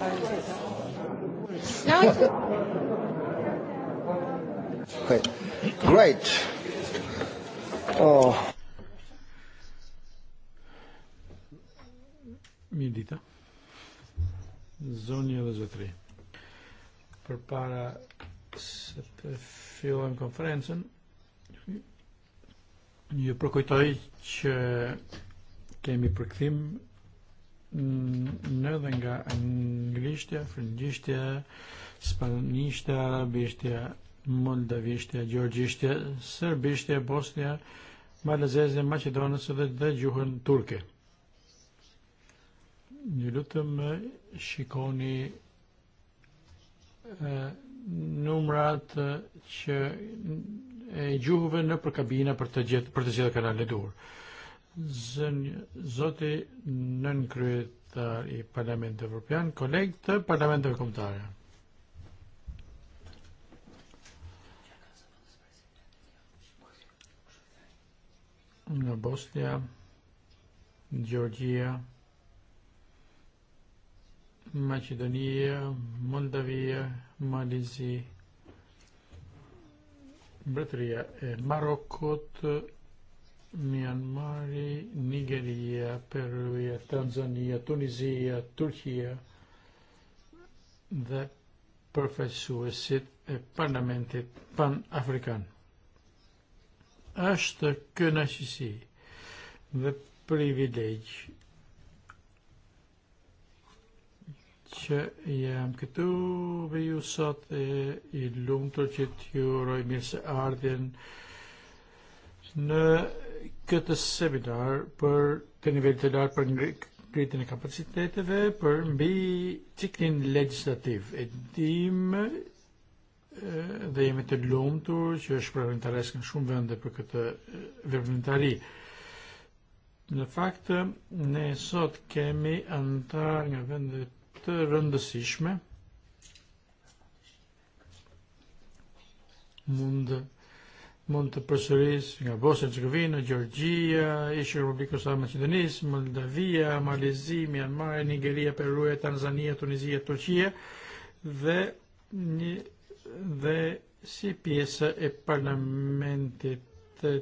Okay. Great. Oh. Milita. Zonja dhe zotri. Për para se të fillojmë konferencen, ju prokujtoj që eh, kemi përkthim në anglishtia, frindishtia, spanishtia, arabishtia, moldavishtia, georgishtia, serbishtia, bosnia, bosnja, malazezja, dhe, dhe gjuhën turke. Një lutëm shikoni eh, numrat që e eh, gjuhëve në përkabina për të gjithë për të gjitha kanalet duhur zoti nën kryetar i Parlamentit Evropian, koleg të Parlamenteve Kombëtare. Në Bosnia, Gjorgjia, Maqedonia, Moldavia, Malizi, Mbretëria e Marokut, Myanmari, Nigerija, Peruja, Tanzanija, Tunizija, Turqija dhe përfaqësuesit a parlamentit pan-afrikan. Është kënaqësi dhe privilegj që jam këtu me ju sot e i lumtur që t'ju uroj mirë se ardhjen në këtë seminar për të nivel të lartë për ngritjen e kapaciteteve eh, për mbi ciklin legislativ. E dim eh, dhe jemi të lumtur që është për interes në shumë vende për këtë eh, veprimtari. Në fakt, ne sot kemi antar nga vende të rëndësishme mund mund të përsëris nga Bosnia Herzegovina, Georgia, ish Republika e Macedonis, Moldavia, Malezi, Myanmar, Nigeria, Peru, Tanzania, Tunizia, Turqia dhe një dhe si pjesë e parlamenti të,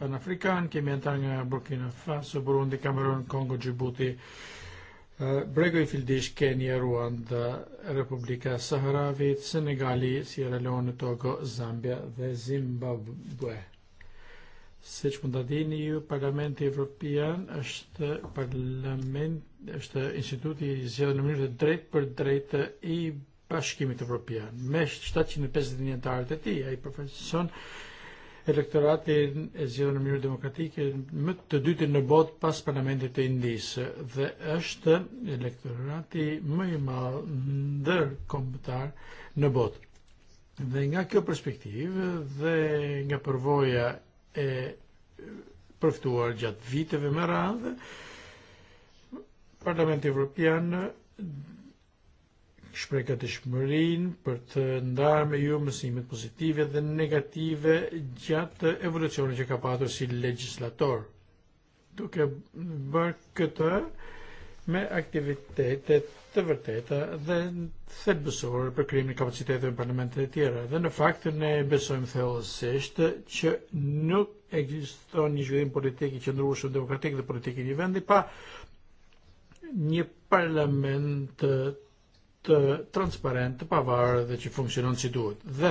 che mi kemi antar Burkina Faso, Burundi, Camerun, Congo, Djibouti, Bregoifildish, Kenya, Rwanda, Republika Saharavit, Senegali, Sierra Leone, Togo, Zambia dhe Zimbabwe. që mund të dini ju, Parlamenti Evropian është parlament është instituti i zgjedhur në mënyrë të drejtë për drejtë i Bashkimit Evropian. Me 750 njëtarët e ti, a i profesion elektorati e zgjedhur në mënyrë demokratike eh, më të dytin në botë pas parlamentit të Indisë dhe është elektorati më i madh ndërkombëtar në botë. Dhe nga kjo perspektivë dhe nga përvoja e eh, përftuar gjatë viteve më radhë, Parlamenti Evropian shprekat e shmërin për të ndarë me ju mësimit pozitive dhe negative gjatë evolucionit që ka patur si legislator. Duke bërë këtë me aktivitetet të vërteta dhe thelbësore për krimin e parlamentet e tjera. Dhe në fakt ne besojmë thellësisht që nuk ekziston një zhvillim politik i qëndrueshëm demokratik dhe politik i një vendi pa një parlament eh, të transparent, të pavarë dhe që funksionon si duhet. Dhe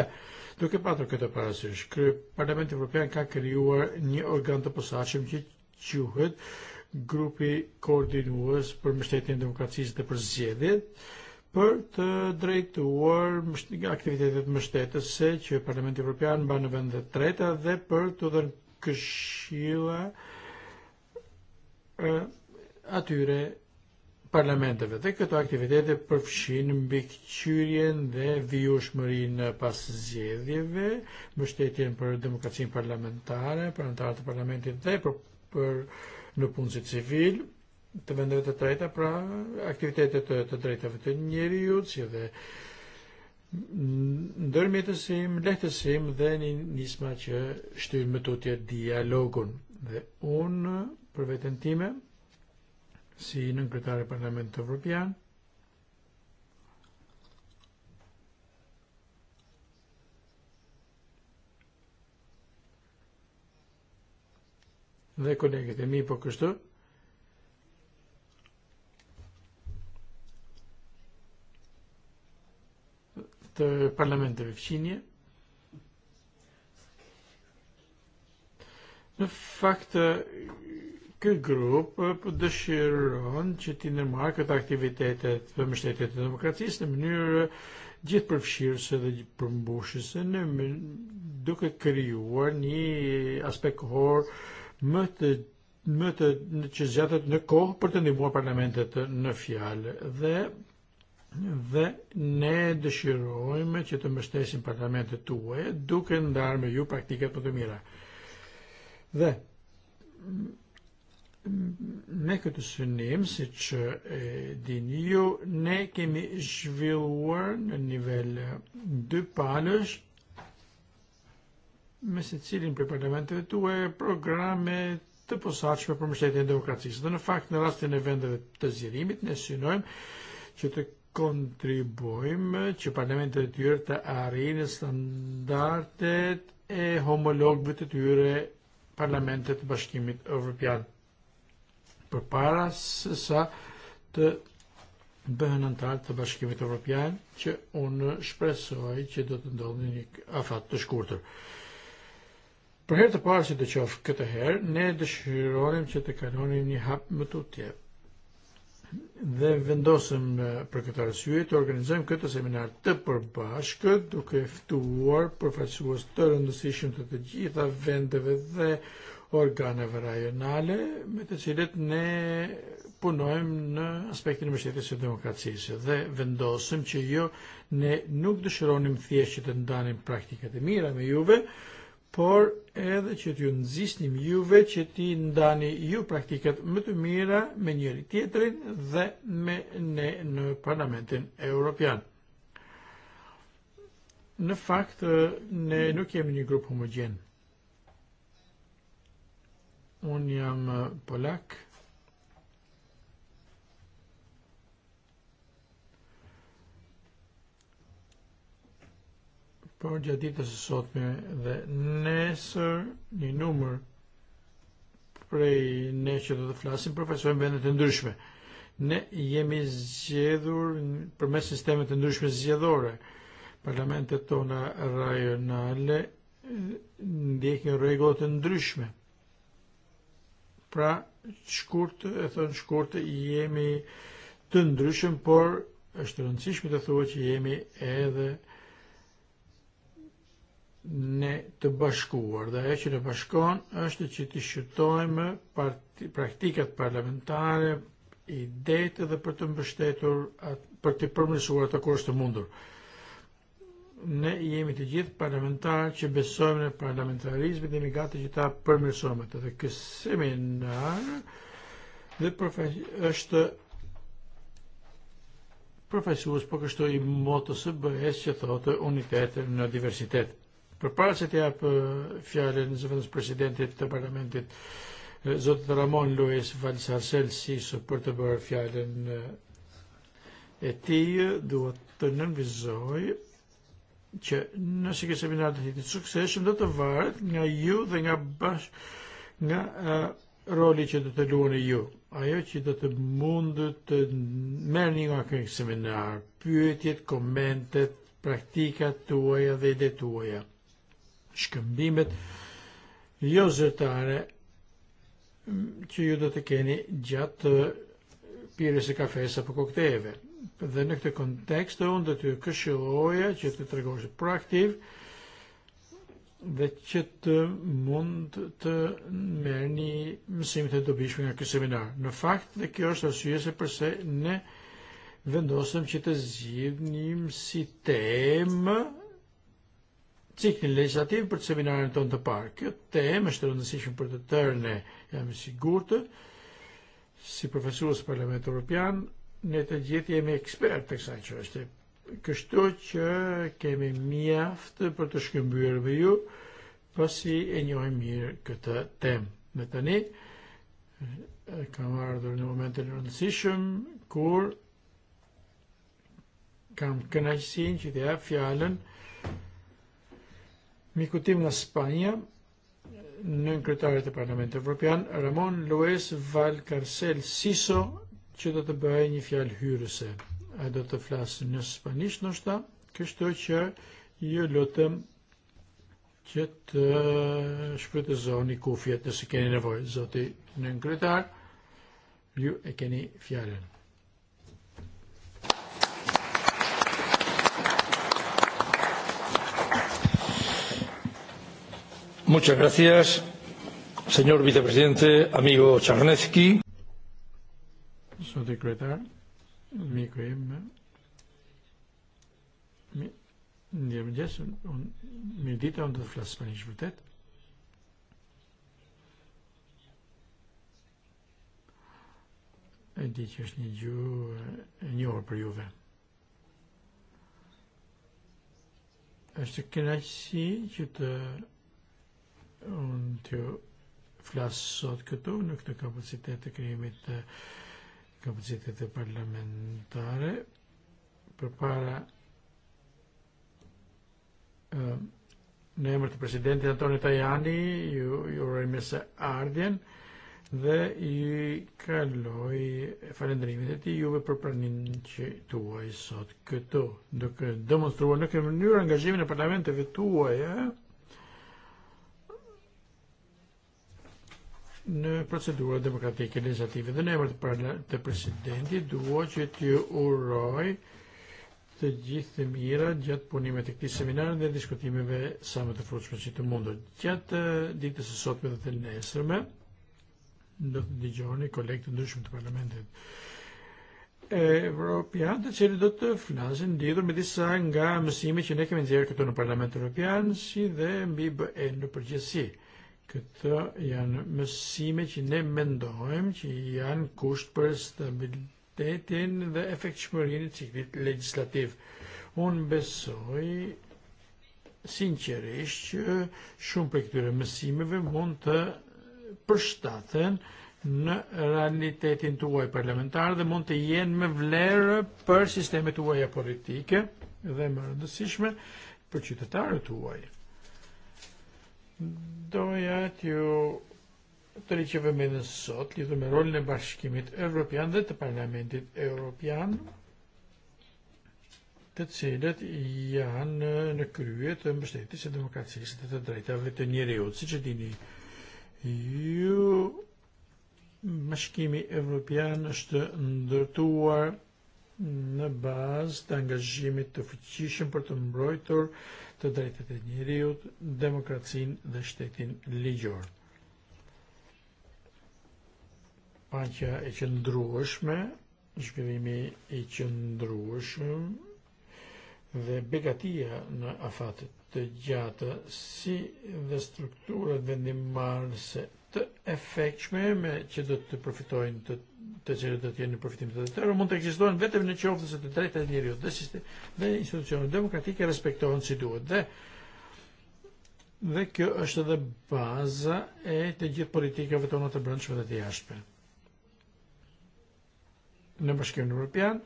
duke patur këtë parasysh, krye Parlamenti Evropian ka krijuar një organ të posaçëm që quhet grupi koordinues për mbështetjen e demokracisë dhe për zgjedhjet për të drejtuar aktivitetet mbështetëse që Parlamenti Evropian mban në vendet të treta dhe për të dhënë këshilla eh, atyre parlamenteve dhe këto aktivitete përfshin mbi këqyrien dhe vijueshmërinë pas zjedhjeve, mështetjen për demokracin parlamentare, për anëtarët të parlamentit dhe për, për në punësit civil, të vendeve të treta, pra aktivitetet të, të drejtave të njeri ju, si dhe ndërmjetësim, lehtësim dhe një nisma që shtyrë më tutje dialogun. Dhe unë, për vetën time, sino incluido al Parlamento European. Dhe kolegët e mi po kështu. Parlamento parlamenteve fqinje. Në fakt, Ky grup dëshiron që ti nërmarë këtë aktivitetet dhe mështetet e demokracisë në mënyrë gjithë përfshirëse dhe përmbushëse në duke krijuar një aspekt kohor më të më të në që zgjatet në kohë për të ndihmuar parlamentet në fjalë dhe dhe ne dëshirojmë që të mbështesim parlamentet tuaja duke ndarë me ju praktikat më të mira. Dhe E, ne këtë synim, si që dini ju, ne kemi zhvilluar në nivel dy palësh, me se cilin për parlamenteve tue programe të posaqme për mështetjen e demokracisë. Dhe në fakt, në rastin e vendeve të zjerimit, ne synojmë që të kontribuojmë që parlamentet e tyre të arrinë standardet e homologëve të tyre parlamentet të bashkimit evropian përpara se sa të bëhen antar të bashkimit evropian që unë shpresoj që do të ndodhë një afat të shkurtër. Për herë të parë si të qofë këtë herë, ne dëshironim që të kanonim një hap më të tje. Dhe vendosëm e, për këtë arsye të organizojmë këtë seminar të përbashkët duke ftuar përfaqësues të rëndësishëm të të gjitha vendeve dhe organeve rajonale me të cilet ne punojmë në aspektin e mbështetjes së demokracisë dhe vendosëm që jo ne nuk dëshironim thjesht që të ndanim praktikat e mira me juve, por edhe që t'ju nxisnim juve që ti ndani ju praktikat më të mira me njëri tjetrin dhe me ne në Parlamentin Evropian. Në fakt, ne nuk jemi një grup homogjen Unë jam e, polak. Por gjatë ditës së sotme dhe nesër një numër prej ne që do të flasim përfaqësojmë vende të e ndryshme. Ne jemi zgjedhur përmes sisteme të ndryshme zgjedhore. Parlamentet tona rajonale ndjekin rregulla të ndryshme Pra, shkurt, e thënë shkurt, jemi të ndryshëm, por është e rëndësishme të thua që jemi edhe ne të bashkuar dhe ajo që ne bashkon është që të shqyrtojmë praktikat parlamentare, i detë dhe për të mbështetur, për të përmirësuar të kur është të mundur. Ne jemi të gjithë parlamentar që besojmë në parlamentarizmin dhe gati që ta të Dhe ky seminar dhe profe është profesues po kështu i motë së bëhes që thotë unitetër në diversitet. Për Përpara se të jap eh, fjalën zëvendës presidentit të parlamentit eh, Zot Ramon Luis Valsarcel Siso për të bërë fjallën e eh, tij, duhet të nënvizoj që nëse ke seminar të tij të suksesshëm do të varet nga ju dhe nga bash nga uh, roli që do të luani ju. Ajo që do të mundu të merrni nga ky seminar, pyetjet, komentet, praktikat tuaja dhe ide tuaja. Shkëmbimet jo zyrtare që ju do të keni gjatë pirjes së dhe në këtë kontekst unë do t'ju këshilloja që të tregosh proaktiv dhe që të mund të merrni mësim të dobishme nga ky seminar. Në no fakt, dhe kjo është arsye se pse ne vendosëm që të zgjidhnim si temë ciklin legislativ për të seminarin tonë të parë. Kjo temë është e rëndësishme për të teda tërë ne, jam i sigurt, si profesorës Parlamentit Evropian, në të gjithë jemi ekspert të kësaj çështje. Kështu që kemi mjaft për të shkëmbyer me ju, pasi e njohim mirë këtë temë. Dhe tani e, kam ardhur në momentin e rëndësishëm kur kam kënaqësinë që të jap fjalën mikutim tim nga Spanja, nën kryetarit e Parlamentit Evropian, Ramon Luis Valcarcel Siso, që do të bëhej një fjalë hyrëse. a do të flasë në spanisht spanjisht ndoshta, kështu që ju lutem që të shfrytëzoni kufjet nëse keni nevojë, zoti në kryetar, ju e keni fjalën. Muchas gracias, señor vicepresidente, amigo Charnetsky sunt sekretar, miku me mi, një mëgjes, një ditë unë do të flasë për një shvërtet, e di që është një gjuhë e njohër për juve. është kënaqësi që të unë të flasë sot këtu në këtë kapacitet të të uh, kapacitete parlamentare prepara uh, ehm, në emër të presidentit Antonio Tajani ju, ju uroj mirë se ardhjen dhe i kaloj falendrimet e tij juve për praninë që tuaj sot këtu, duke demonstruar në këtë mënyrë angazhimin e parlamentare tuo eh? Në procedurën demokratike legislative dhe në emër të presidentit dua që t'ju uroj të gjithë të mira gjatë punimit të këtij seminari dhe diskutimeve sa më të frutshme që të mundur. Gjatë ditës së sotme dhe të nesërme do të dëgjoni kolegë të ndryshëm të parlamentit e Evropian të cilët do të flasin lidhur me disa nga mësimet që ne kemi nxjerrë këtu në Parlamentin Evropian, si dhe mbi BE në përgjithësi. Këta janë mësime që ne mendojmë që janë kusht për stabilitetin dhe efektshmërinë e ciklit legjislativ. Un besoj sinqerisht që shumë për këtyre mësimeve mund të përshtaten në realitetin tuaj parlamentar dhe mund të jenë me vlerë për sistemet tuaja politike dhe më rëndësishme për qytetarët tuaj doja t'ju të liqeve në sot, lidhë me rolin e bashkimit Evropian dhe të Parlamentit Evropian, të cilët janë në krye të mbështetjes së demokracisë dhe të drejtave të njeriut, siç e dini. Ju bashkimi evropian është ndërtuar në bazë të angazhimit të fuqishëm për të mbrojtur të drejtet e njeriut, demokracin dhe shtetin ligjor. Paqja e qëndrueshme, zhvillimi i qëndrueshëm dhe begatia në afatet të gjatë si dhe strukturët vendimarëse të efekshme me që do të përfitojnë të të cilët do të jenë në përfitim të tërë, mund të ekzistojnë vetëm në qoftë se të drejtat e njeriut dhe, sistem, dhe institucionet demokratike respektohen si duhet. Dhe dhe kjo është edhe baza e të gjithë politikave tona të brendshme dhe të jashtme. Në Bashkimin Evropian,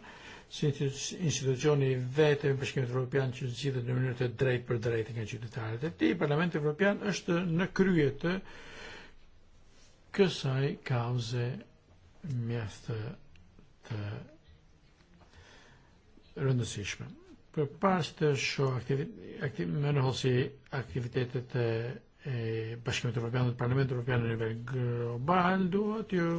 si institucioni i vetëm i Bashkimit Evropian që zgjidhet në mënyrë të drejtë për drejtë nga qytetarët e tij, Parlamenti Evropian është në krye të Kësaj kauze mjaft të rëndësishme. Për pas të sho aktivit, aktiv, më në hosi aktivitetet e, eh, e Bashkimit Evropian dhe Parlamentit Evropian në nivel global, duhet ju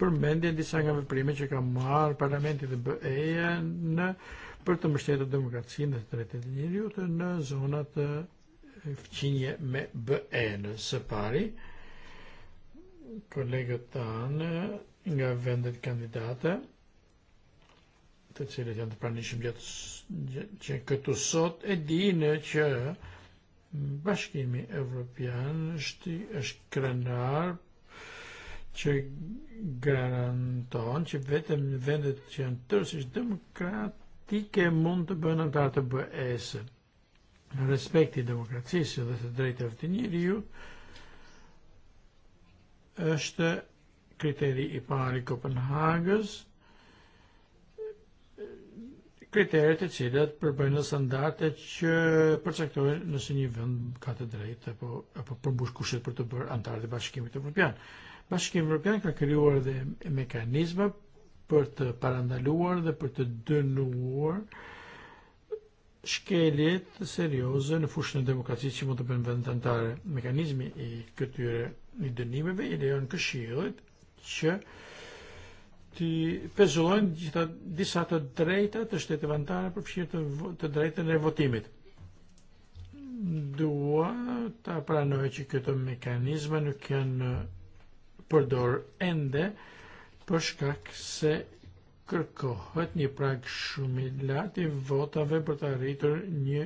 përmendjen disa nga veprimet që ka marrë Parlamenti dhe BE-ja në për të mbështetur demokracinë dhe të drejtat e njeriut në zonat fqinje me BE-n së pari kolegët tanë nga vendet kandidate, të cilët janë të pranishëm gjatë që këtu sot e dinë që bashkimi evropian është është krenar që garanton që vetëm vendet që janë tërësisht demokratike mund të bëjnë antarë të BE-së. Respekti demokracisë dhe të drejtave të njeriu, ju, është kriteri i eh, Pari no i Kopenhagës, të cilët cilat përbëjnë standarde që përcaktojnë nëse një vend ka të drejtë apo apo përmbush kushtet për të bërë antar të Bashkimit Evropian. Bashkimi Evropian ka krijuar dhe mekanizma për të parandaluar dhe për të dënuar shkeljet serioze në fushën e demokracisë që mund të bëjnë vendet anëtare. Mekanizmi i këtyre vendimeve i lejon këshillit që të pezullojnë gjitha disa të drejta të shtetë vendtare përfshirë të, të drejtën e votimit. Dua të pranoj që këto mekanizme nuk janë përdor ende për shkak se kërkohet një prag shumë i lartë i votave për të arritur një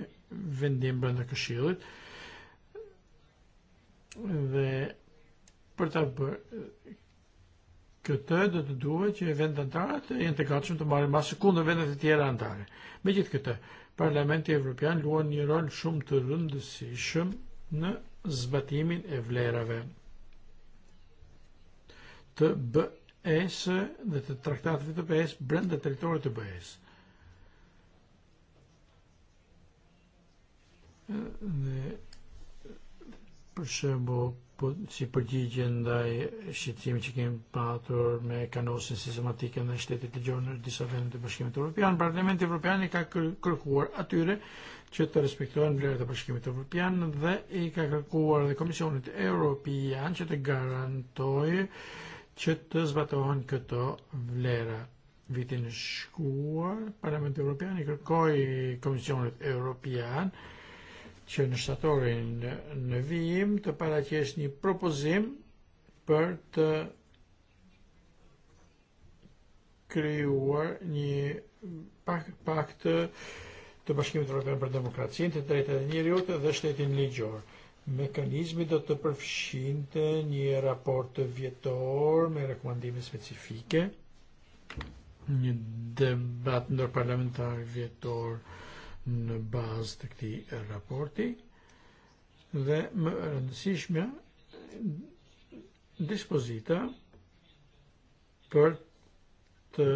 vendim brenda këshillit dhe për ta bërë këtë do të duhet që vendet anëtare të jenë të gatshëm të marrin masë kundër vendet e tjera anëtare. Megjithë këtë, Parlamenti Evropian luan një rol shumë të rëndësishëm në zbatimin e vlerave të BES dhe të traktatëve të BES s brenda teritorit të BES. Dhe për shembull si përgjigjen ndaj shqetësimit që kemi patur me kanosin sistematike në shtetit të gjonë në disa vendet të Bashkimit Europian, Parlament Europian i ka kërkuar atyre që të respektojnë vlerat e Bashkimit Europian dhe i ka kërkuar dhe Komisionit Europian që të garantojë që të zbatohen këto vlera. Vitin shkuar, Parlament Europian i kërkoj Komisionit Evropian që në shtatorin në vijim të paraqesh një propozim për të eh, krijuar një pak pak të të Bashkimit Evropian eh, për Demokracinë, të drejtat e njeriut dhe shtetin ligjor. Mekanizmi do të përfshinte një raport të vjetor me rekomandime specifike, një debat ndërparlamentar vjetor në bazë të këti raporti dhe më rëndësishme dispozita për të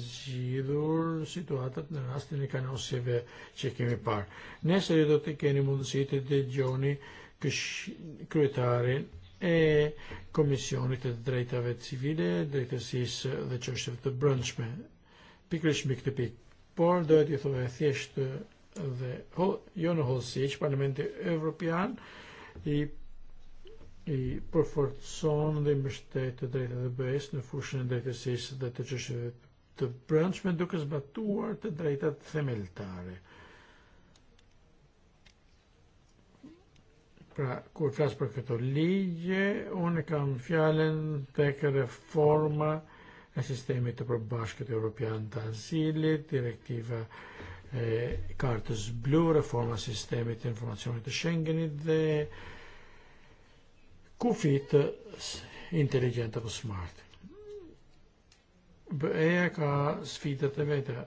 zgjidhur situatat në rastin e kanosjeve që kemi parë. Nese ju do të keni mundësi të dëgjoni kryetarin e Komisionit të Drejtave Civile, Drejtësisë dhe Çështjeve të Brëndshme, pikrish mi këtë pikë por do ju thuaj thjesht dhe ho, jo në hollësi që Parlamenti Evropian i i përforcon dhe mbështet të drejtat e BE-s në fushën e drejtësisë dhe të çështjeve të brendshme duke zbatuar të drejtat themeltare. Pra, kur flasë për këto ligje, unë kam fjalën tek reforma e sistemi të përbashkët Europian të azilit, direktiva e kartës blu, reforma sistemit të informacionit të shengenit dhe kufit inteligjent apo smart. BE ka sfidat e veta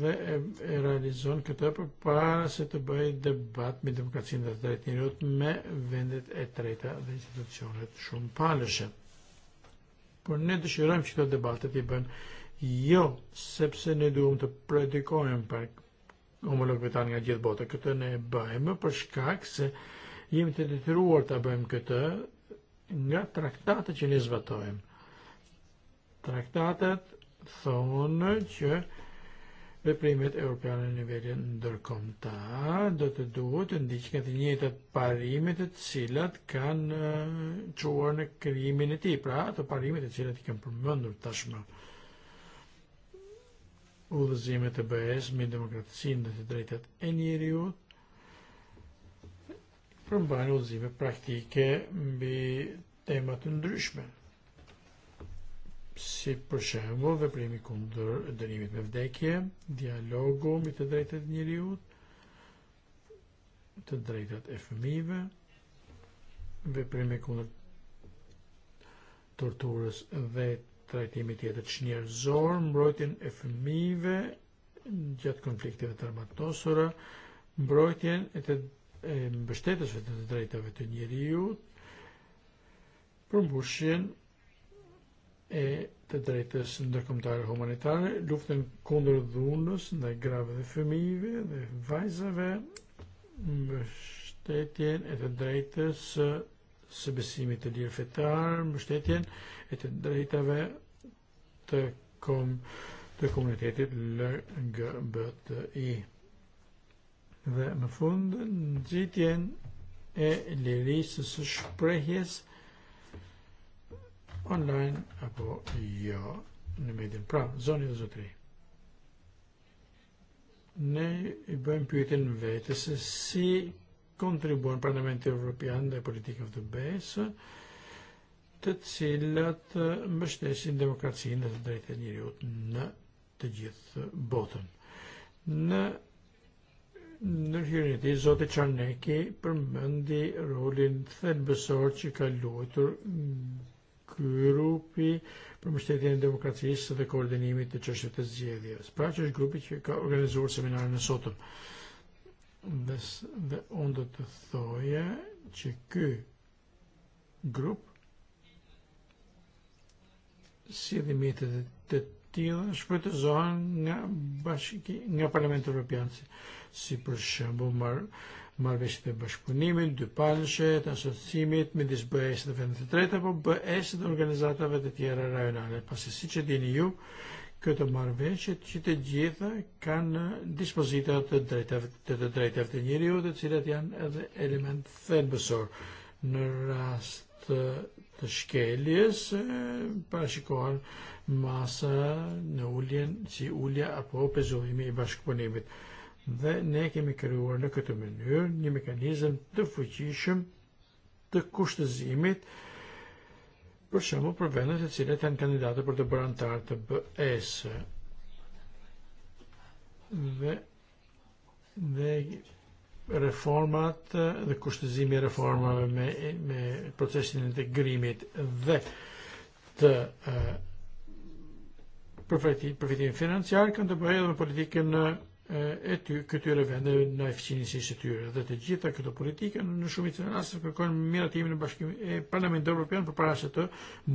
dhe e, e realizon këtë për para se të bëj debat me demokracinë dhe të drejtë njërët me vendet e treta dhe institucionet shumë palëshet por ne dëshirojmë që të debate i bën jo sepse ne duhem të predikojmë për homologëve tanë nga gjithë bota. Këtë ne e bëjmë për shkak se jemi të detyruar të bëjmë këtë nga traktate që ne zbatojmë. Traktatet thonë që primet Europiane në nivelin ndërkomtar do të duhet të ndiqen të njëjtat parime të cilat kanë uh, çuar në krimin e tij, pra ato parime të cilat i kanë përmendur tashmë udhëzimet e BE-s me demokracinë dhe të drejtat e njeriut përmbajnë udhëzime praktike mbi tema të ndryshme si për shembull veprimi kundër dënimit me vdekje, dialogu me të drejtat e njerëzit, të drejtat e fëmijëve, veprimi kundër torturës dhe trajtimit tjetër çnjerëzor, mbrojtjen e fëmijëve gjatë konflikteve të armatosura, mbrojtjen e të e mbështetësve të drejtave të njeriut, përmbushjen e të drejtës ndërkombëtare humanitare, luftën kundër dhunës ndaj grave dhe fëmijëve dhe vajzave, mbështetjen e të drejtës së besimit të lirë fetar, mbështetjen e të drejtave të kom të komunitetit LGBTI. Dhe në fund, nxitjen e lirisë së shprehjes online apo jo në medin. Pra, zoni dhe zotri. Ne i bëjmë pyetin vetë se si kontribuon Parlamenti Evropian dhe të besë, mbështesin demokracinë dhe të drejtë e njëriut në të gjithë botën. Në nërhyrën e tij Zoti Çarneki përmendi rolin thelbësor që ka luajtur grupi për mbështetjen e demokracisë dhe koordinimit të çështjeve të zgjedhjes. Pra që është grupi që ka organizuar seminarin e sotëm. Dhe, dhe unë do të thoje që ky grup si dhe mjetet të tila shpëtëzohen nga, bashki, nga Parlamenti Europian si për shembull mar marrëveshje e bashkëpunimit, dy palëshe të asociimit me disë s dhe vendet e treta po be dhe organizatave të tjera rajonale. Pasi si që dini ju, këtë marrëveshje që të gjitha kanë dispozita të drejtave të, të drejtave të njeriu, të cilat janë edhe element thelbësor. Në rast të eh, të shkeljes eh, parashikohen masa në uljen si ulja apo pezullimi i bashkëpunimit. Dhe ne kemi krijuar në këtë mënyrë një mekanizëm të fuqishëm të kushtëzimit për shumë për vendet e cilat janë kandidatë për të bërë antar të be Dhe dhe reformat dhe kushtëzimi i reformave me me procesin e integrimit dhe të uh, e, përfitim financiar kanë të bëhe dhe me politikën uh, aty e, këtyre vendeve në e fëqinisë së tyre. Dhe të gjitha këto politika në shumicën e rasteve kërkojnë miratimin e Bashkimit e Parlamentit Evropian përpara se të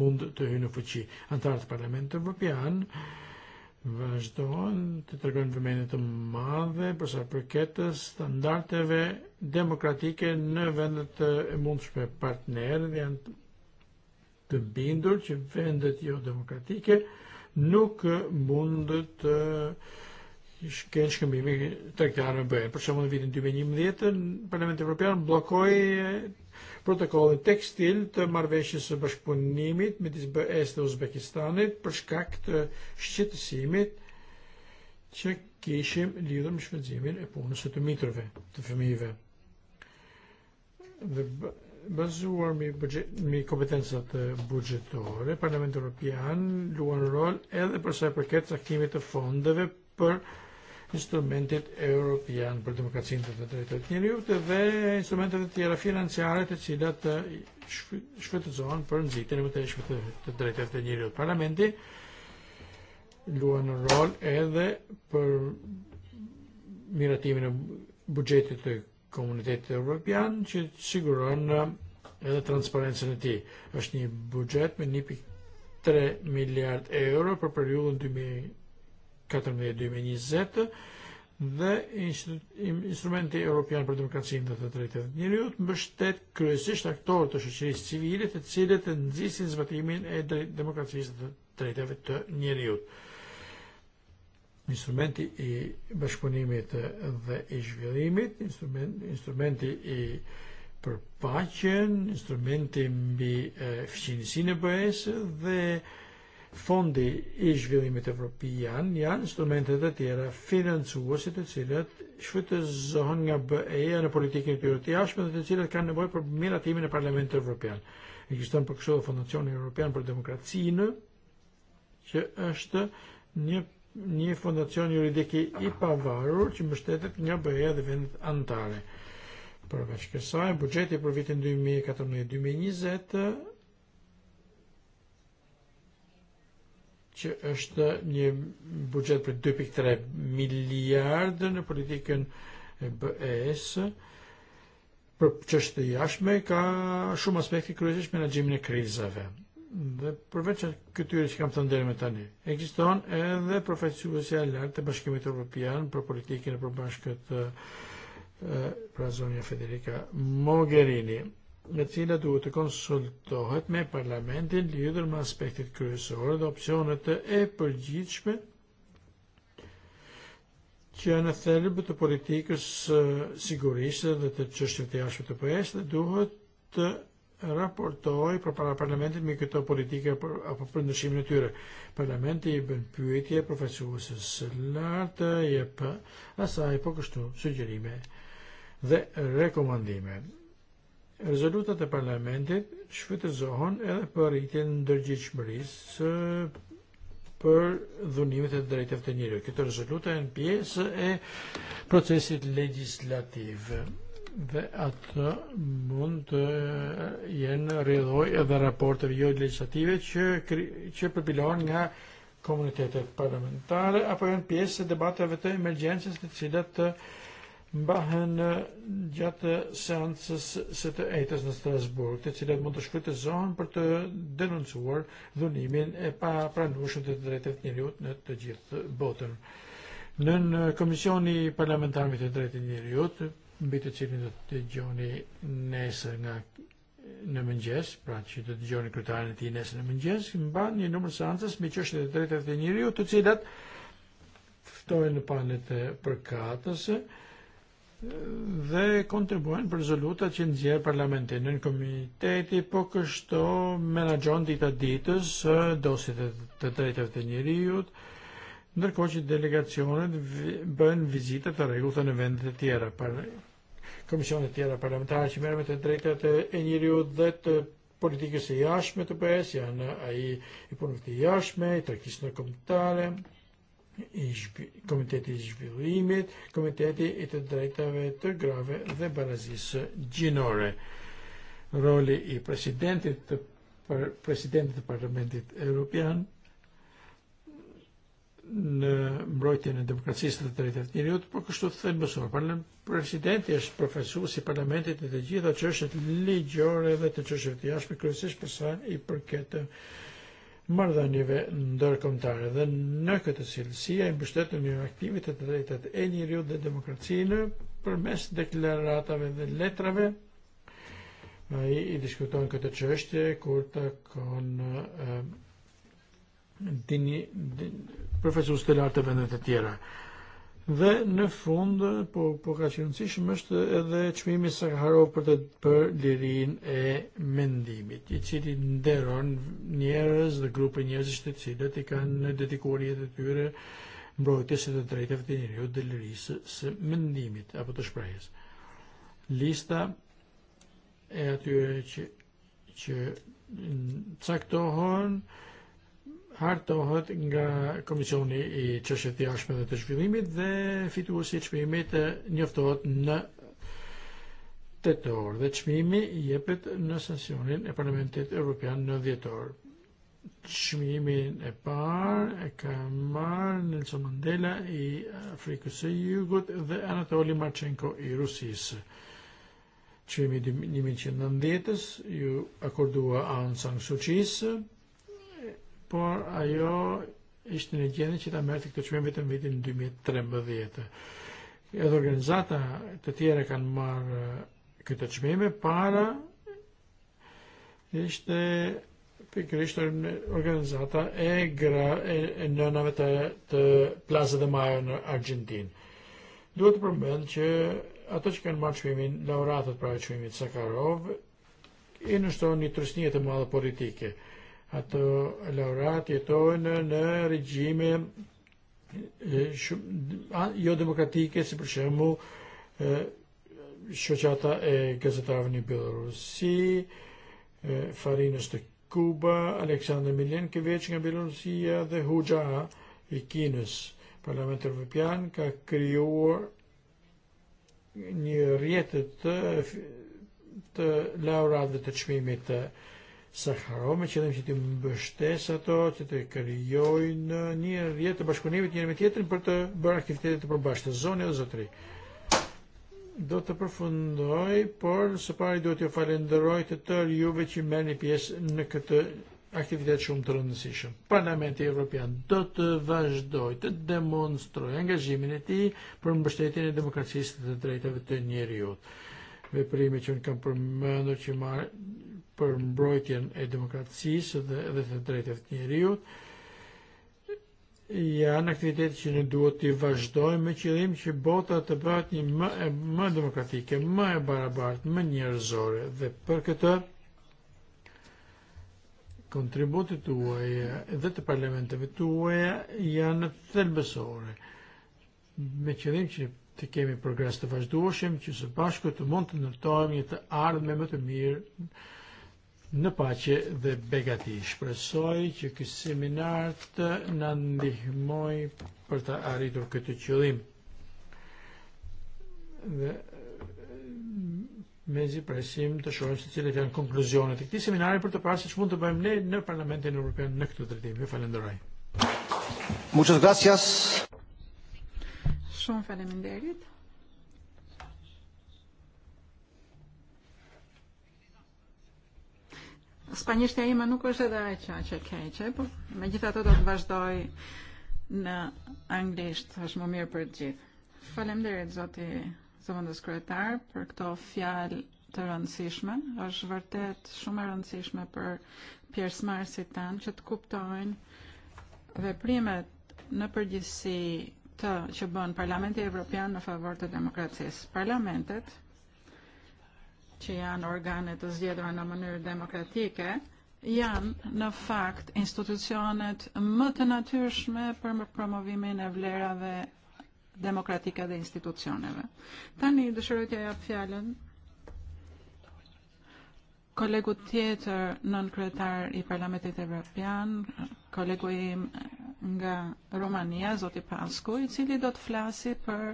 mund të hyjë në fuqi. Antarët e Parlamentit Evropian vazhdojnë të tregojnë vëmendje të madhe për sa përket standardeve demokratike në vendet e mundshme partnerë dhe janë të bindur që vendet jo demokratike nuk mund të uh, kien shkëmbimi tregtar me BE. Për shembull në vitin 2011 Parlamenti Evropian bllokoi protokollin tekstil të marveshjes së bashkëpunimit midis BE-s dhe Uzbekistanit për shkak të shqetësimit që kishim lidhur me shpenzimin e punës së të mitrëve, të fëmijëve. Dhe bazuar mi, budget, mi kompetencat eh, bugjetore, Parlamenti Europian luan rol edhe përsa i përket caktimit të fondeve për instrumentet europian për demokracinë të të drejtë të njeriut dhe instrumentet të tjera financiare të cilat të shfëtëzohen për nëzitën e mëtejshme të, të drejtave të njeriut. Parlamenti luan në rol edhe për miratimin e bugjetit të komunitetit europian që siguron edhe transparencën e ti. Është një bugjet me 1.3 miliard euro për periudhën 14-2020 dhe instrumenti Europian për demokracinë dhe të drejtet njëriut mbështet kryesisht aktorë të shëqirisë civile të cilët e teda nëzisin zbatimin e demokracisë dhe të drejteve të njëriut. Instrumenti i bashkëpunimit dhe i zhvillimit, instrument, instrumenti i për paqen, instrumenti mbi fëqinësinë e BE-s dhe fondi i zhvillimit Evropian janë instrumentet e tjera financuese të cilat shfrytëzohen nga BE-ja në politikën e tyre të jashtme dhe të cilat kanë nevojë për miratimin e Parlamentit Evropian. Ekziston për kështu Fondacioni Evropian për Demokracinë, që është një një fondacion juridik i pavarur që mbështetet nga BE-ja dhe vendet anëtare. Përveç kësaj, buxheti për vitin 2014-2020 që është një buxhet për 2.3 miliardë në politikën e BE-s. Për çështje jashtme ka shumë aspekte kryesisht menaxhimin e krizave. Dhe përveç këtyre që kam thënë deri më tani, ekziston edhe përfaqësuesja e lartë të Bashkimit Evropian për politikën e përbashkët pra zonja Federica Mogherini e cila duhet të konsultohet me parlamentin lidhur me aspektet kryesorë dhe opsionet e përgjithshme që janë thelb të politikës sigurisë dhe të çështjeve të jashtme të PS dhe duhet të raportoj për para parlamentit me këto politike për, apo për ndryshimin e tyre. Parlamenti i bën pyetje profesuesës lartë, e për asaj po kështu sugjerime dhe rekomandime. Rezolutat e parlamentit shfrytëzohen edhe për rritjen e ndërgjegjshmërisë për dhunimet e drejtave të njeriut. Këto rezoluta janë pjesë e procesit legjislativ dhe atë mund të jenë rrjedhoj edhe raporteve jo legjislative që që përbilohen nga komunitetet parlamentare apo janë pjesë e debateve të emergjencës të cilat mbahen gjatë seancës së të ejtës në Strasburg, të cilat mund të shfrytëzohen për të denoncuar dhunimin e pa pranueshëm të drejtave të njeriut në të gjithë botën. në Komisioni Parlamentar mbi të Drejtë të Njeriut, mbi të cilin do të dëgjoni nesër nga në mëngjes, pra që të dëgjoni kryetarin e tij nesër në mëngjes, mban një numër seancës mbi çështjet e drejtave të njeriut, të cilat ftojnë në panet e përkatëse, dhe kontribuan për rezolutat që nxjerr parlamenti nën komiteti, po kështu menaxhon ditë ditës dosjet e të drejtave të njerëzit, ndërkohë që delegacionet bën vizita të rregullta në vende të tjera për komisione të tjera parlamentare që merren me të drejtat e njerëzit dhe të politikës e jashme të PS, janë aji i punëve të jashme, i në komitare, Komiteti i Zhvillimit, Komiteti i të drejtave të grave dhe barazisë gjinore. Roli i presidentit të për presidentit të Parlamentit europian në mbrojtjen e demokracisë dhe të drejtave të njerëzit, por kështu thënë mësuar. Presidenti është profesuesi si parlamentit të të gjitha çështjet ligjore dhe të çështjeve të jashtme kryesisht për sa i përket marrëdhënieve ndërkombëtare dhe në këtë cilësi ai e mbështet në aktivitet të të e njëriu dhe demokracinë përmes deklaratave dhe letrave ai i diskuton këtë çështje kur të kon eh, dini, din, profesus të lartë vendet e tjera. Dhe në fund, po, po ka që rëndësishëm, është edhe qmimi Sakharov për të për lirin e mendimit, i cili nderon njerëz dhe grupe njerëzish të cilët i kanë dedikuar jetën e tyre mbrojtjes së të drejtave të njeriut dhe lirisë së mendimit apo të shprehjes. Lista e atyre që që caktohen hartohet nga Komisioni i ċeċet i dhe të zhvillimit dhe fituës i qmimit e, njoftohet në tetor dhe qmimi jepet në sesionin e Parlamentit Europian në djetor. Qmimin e par e ka marrë Nelson Mandela i Afrikës e Jugut dhe Anatoli Marchenko i Rusisë. Qmimi 1990-ës ju akordua Aung San Suu Kyi's por ajo ishte në gjendje që ta merrte këtë çmim vetëm vitin 2013. Edhe organizata të tjera kanë marrë këtë çmime para ishte pikërisht organizata e gra e, e nënave të, të Plaza de Mayo në no, Argjentinë. Duhet të përmend që ato që kanë marrë çmimin, laureatët pra çmimit Sakharov, i nështon një trësnje e madhe politike ato laureat jetojnë në regjime e, jo demokratike, si për shembull e, shoqata e gazetarëve në Bielorusi, e, Farinës të Kuba, Aleksandr Milenkovic nga Bielorusia dhe Hoxha i Kinës. Parlamenti Evropian ka krijuar një rjetë të të laureatëve të çmimit të Sakharov, me qëllim që ti mbështes ato, që të krijojnë një rjetë të bashkëpunimit njëri me tjetrin për të bërë aktivitete të përbashkëta. Zoni dhe zotëri. Do të përfundoj, por së pari duhet ju falenderoj të tërë juve që merrni pjesë në këtë aktivitet shumë të rëndësishëm. Parlamenti Evropian do të vazhdoj të demonstroj angazhimin e tij për mbështetjen e demokracisë të drejtave të njeriut. Veprimi që unë kam përmendur që marr për mbrojtjen e demokracisë dhe edhe të drejtëve të njeriut janë aktivitet që ne duhet të vazhdojmë me qëllim që bota të bëhet një më e më demokratike, më e barabartë, më njerëzore dhe për këtë kontributet tuaj dhe të parlamenteve tuaja janë thelbësore me qëllim që të kemi progres të vazhdueshëm që së bashku të mund të ndërtojmë një të ardhme më të mirë Në paqe dhe begati shpresoj që ky seminar të na ndihmoj për të arritur këtë qëllim. Dhe eh, me zi presim të shohim se cilët janë konkluzionet e këtij seminari për të parë se çfarë mund të bëjmë ne në Parlamentin Evropian në këtë drejtim. Ju falenderoj. Muchas gracias. Shumë faleminderit. Spania ima nuk është edhe aq aq e keqe, po megjithatë do të vazhdoj në anglisht, është më mirë për Falem gjithë. Faleminderit zoti zëvendës kryetar për këto fjalë të rëndësishme. Është vërtet shumë e rëndësishme për pjesëmarrësit tanë që të kuptojnë veprimet në përgjithësi të që bën Parlamenti Evropian në favor të demokracisë. Parlamentet që janë organe të zgjedhura në mënyrë demokratike, janë në no fakt institucionet më të natyrshme për promovimin e vlerave demokratike dhe institucioneve. Tani dëshiroj t'ja jap fjalën kolegu tjetër nën kryetar i Parlamentit Evropian, kolegu im nga Romania, zoti Pasku, i cili do të flasi për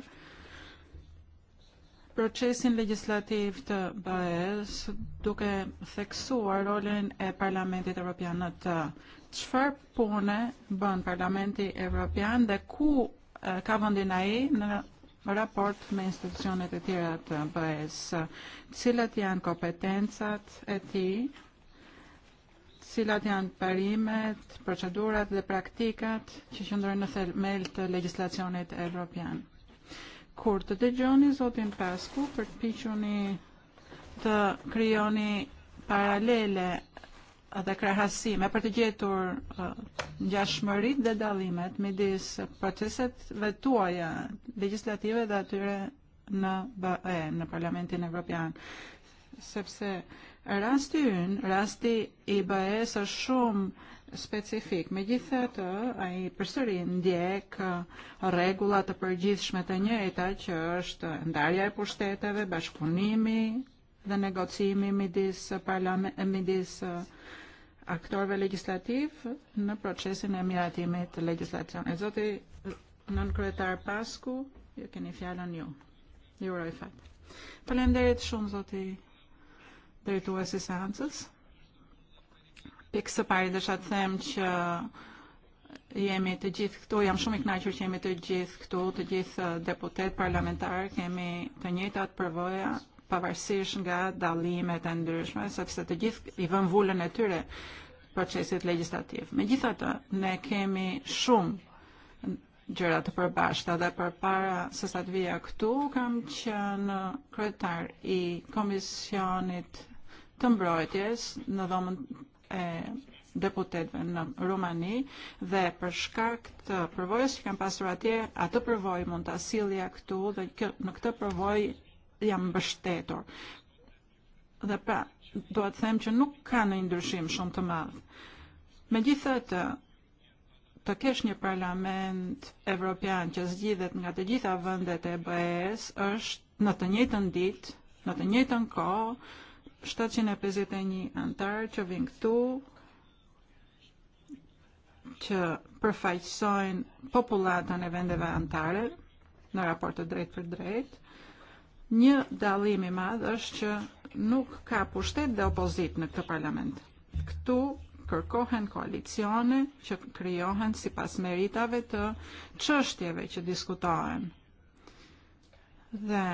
Procesin legislativ të BE-s duke theksuar rolin e Parlamentit Evropian në të. Çfarë pune bën Parlamenti Evropian dhe ku e, ka vendin ai në raport me institucionet e tjera të BE-s? Cilat janë kompetencat e tij? Cilat janë parimet, procedurat dhe praktikat që qëndrojnë në themel të legjislacionit evropian? kur të dëgjoni zotin Pasku për të piquni të krijoni paralele uh, dhe krahasime për të gjetur uh, ngjashmëritë dhe dallimet midis proceseve tuaja legjislative dhe atyre në BE, në Parlamentin Evropian, sepse rasti ynë, rasti i be së është shumë specific. Megjithatë, ai përsëri ndjek rregulla të përgjithshme të njëjta që është ndarja e pushteteve, bashkëpunimi dhe negocimi midis parlament midis eh, aktorëve legislativ në no procesin e miratimit të legjislacionit. Zoti eh, nën kryetar Pasku, ju keni fjalën ju. Ju uroj fat. Faleminderit shumë zoti drejtuesi seancës. Pek së pari jemi të gjithë këtu, jam shumë i kënaqur që jemi të gjithë këtu, të gjithë uh, deputet parlamentar, kemi të njëjtat përvoja pavarësisht nga dallimet e ndryshme, sepse të gjithë i vëmë vullën e tyre procesit legislativ. Me gjitha të, ne kemi shumë gjëra të përbashta dhe për para se sa të vija këtu kam që në kretar i komisionit të mbrojtjes në dhomën E, deputetëve në Rumani dhe për shkak të përvojës që kanë pasur atje, atë përvojë mund ta sillja këtu dhe kë, në no, këtë përvojë jam mbështetur. Dhe pra, do të them që nuk ka në ndryshim shumë të madh. Megjithatë, e, të kesh një parlament evropian që zgjidhet nga të gjitha vendet no e BE-s është në të njëjtën ditë, në no të njëjtën kohë, Ștățile prezitenii antar që vin këtu që përfaqësojnë popullatën e vendeve antare na raport të drejtë për drejtë. Një dallim i madh është që nuk ka pushtet dhe opozit në këtë parlament. Këtu kërkohen koalicione që si pas meritave të çështjeve që diskutohen. Dhe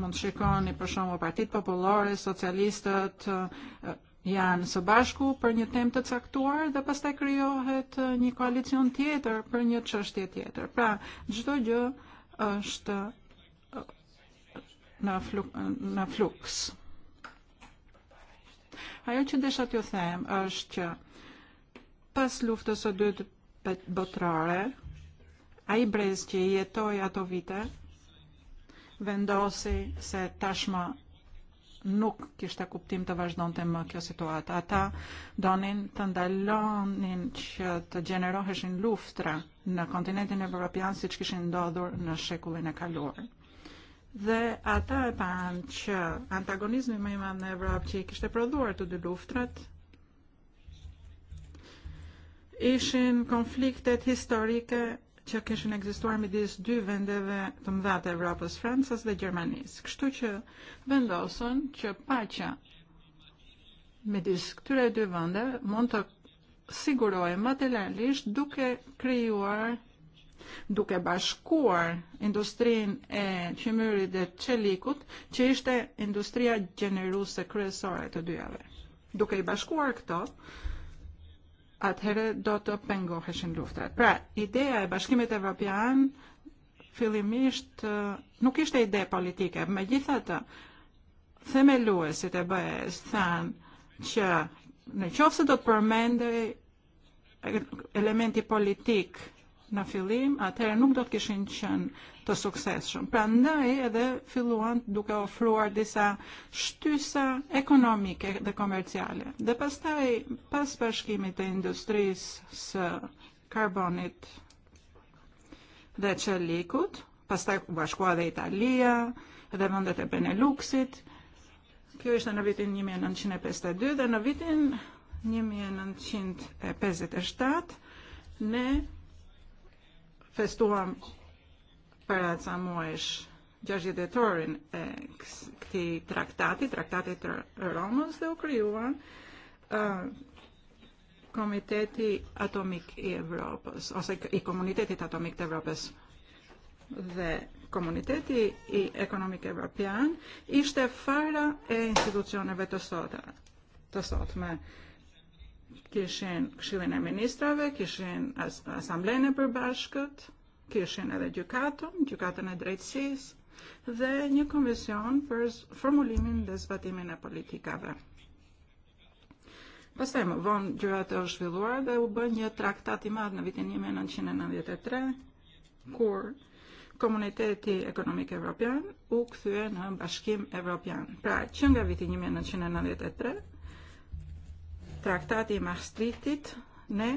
mund shikoni për shumë partit populore, socialistët eh, janë së bashku për një temë të caktuar dhe pastaj krijohet eh, një koalicion tjetër për një çështje tjetër. Pra, çdo gjë është eh, në, fluk, në fluks. Ajo që desha t'ju them është që pas luftës së dytë botërore, ai brez që jetoi ato vite, vendosi se tashma nuk kishte kuptim të vazhdonte më kjo situatë. Ata donin të ndalonin që të gjeneroheshin luftra në kontinentin evropian siç kishin ndodhur në shekullin e kaluar. Dhe ata e panë që antagonizmi më i madh në Evropë që i kishte prodhuar të dy luftrat ishin konfliktet historike që kishin ekzistuar midis dy vendeve të mëdha të Evropës, Francës dhe Gjermanisë. Kështu që vendosën që paqja midis këtyre dy vendeve mund të sigurojë materialisht duke krijuar duke bashkuar industrinë e qymyrit dhe çelikut, që ishte industria gjeneruese kryesore të dyjave. Duke i bashkuar këto, atëherë do të pengoheshin luftrat. Pra, ideja e bashkimit evropian fillimisht nuk ishte ide politike, me gjitha të themeluesit e bëhes thanë që në qofë se do të elementi politik në fillim, atëherë nuk do të kishin qenë të suksesshëm. Prandaj edhe filluan duke ofruar disa shtysa ekonomike dhe komerciale. Dhe pastaj pas bashkimit të industrisë së karbonit dhe çelikut, pastaj u bashkua dhe Italia dhe vendet e Beneluxit. Kjo ishte në vitin 1952 dhe në vitin 1957 ne festuam para samoes muesh detorin dhjetorin e këtij traktati, traktatit të Romës dhe u kryuan uh, Komiteti Atomik i Evropës ose i Komunitetit Atomik të Evropës dhe Komuniteti i Ekonomik Evropian ishte fara e institucioneve të sotë, të sotë me Uh, kishen kshilin e ministrave, kishen as, asamblejnë e përbashkët, kishen edhe gjukatën, gjukatën e drejtsis, dhe një komision për formulimin dhe zbatimin e politikave. Pastaj më vonë gjërat e u zhvilluar dhe u bën një traktat i madh në vitin 1993 kur komuniteti ekonomik evropian u kthye në bashkim evropian. Pra, që nga viti 1993 traktati i Maastrichtit ne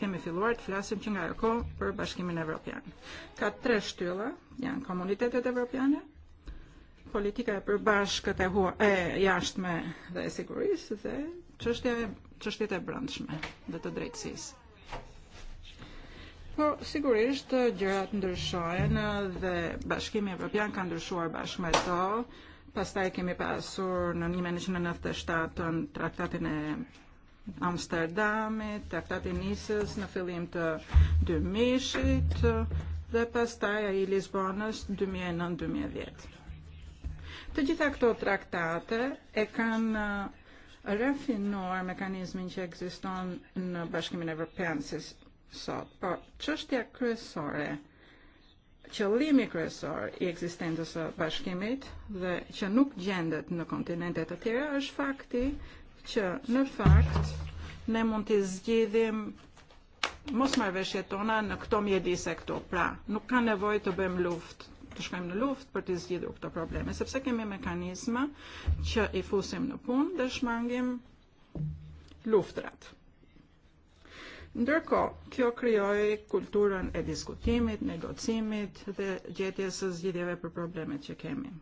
kemi filluar të flasim që nga e ko për Bashkimin Evropian. Ka tre shtylla, janë komunitetet evropiane, politika e përbashkët e, hua, e jashtme dhe e sigurisë dhe qështja e çështjet e brëndshme dhe të drejtësisë. Po sigurisht gjërat ndryshojnë dhe Bashkimi Evropian ka ndryshuar bashkë me to. Pastaj kemi pasur në 1997 e në e traktatin e Amsterdamit, Tratatin Nisës në fillim të 2000-shit dhe pastaj ai i Lisbonës 2009-2010. Të gjitha këto traktate e kanë rafinuar mekanizmin që ekziston në Bashkimin Evropian si sot, por çështja kryesore qëllimi kryesor i ekzistencës së bashkimit dhe që nuk gjendet në kontinentet të e tjera është fakti Që eh, në fakt ne mund të zgjidhim mos marrëveshjet tona në këto mjedise këto. Pra, nuk no ka nevoj të bëjmë luftë, të shkojmë në luftë për të zgjidhur këto probleme, sepse kemi mekanizma që i fusim në punë dhe shmangim luftrat. Ndërko, kjo kryoj kulturën e diskutimit, negocimit dhe gjetjes së zgjidhjeve për problemet që kemi.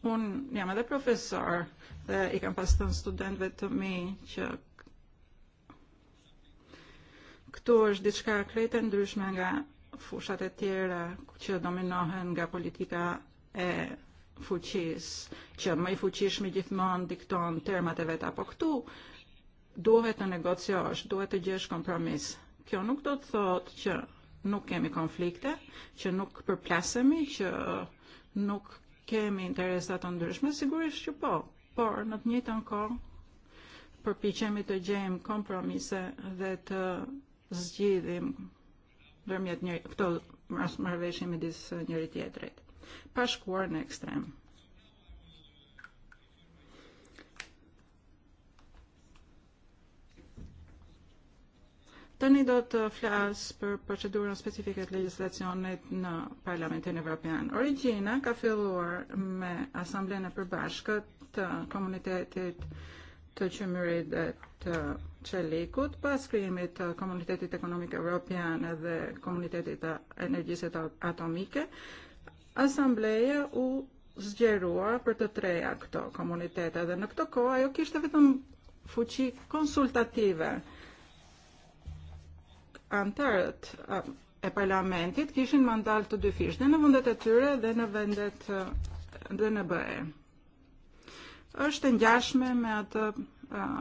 Un jam edhe profesor dhe i kam pas thënë studentëve të mi që këtu është diçka krejt e ndryshme nga fushat e tjera që dominohen nga politika e fuqis që më i fuqish me gjithmonë dikton termat e vet, apo këtu duhet të negociosh, duhet të gjesh kompromis. Kjo nuk do të thotë që nuk kemi konflikte, që nuk përplasemi, që nuk kemi interesa të ndryshme, sigurisht që po, por në no të njëjtën kohë përpiqemi të gjejmë kompromise dhe të zgjidhim ndërmjet këto marrëveshje midis njëri tjetrit, pa shkuar në ekstrem. Tani do të uh, flas uh, për procedurën specifike të legjislacionit në Parlamentin Evropian. Origjina ka filluar me Asamblenë e Përbashkët të Komunitetit të Qymyrit dhe të Çelikut, pas krijimit të Komunitetit Ekonomik Evropian dhe Komunitetit të Energjisë Atomike, Asambleja u zgjeruar për të treja këto komunitete dhe në këto kohë ajo kishte vetëm fuqi konsultative antarët e, e parlamentit kishin mandat të dyfish dhe në vendet e tyre dhe në vendet e, dhe në BE. Është e ngjashme me atë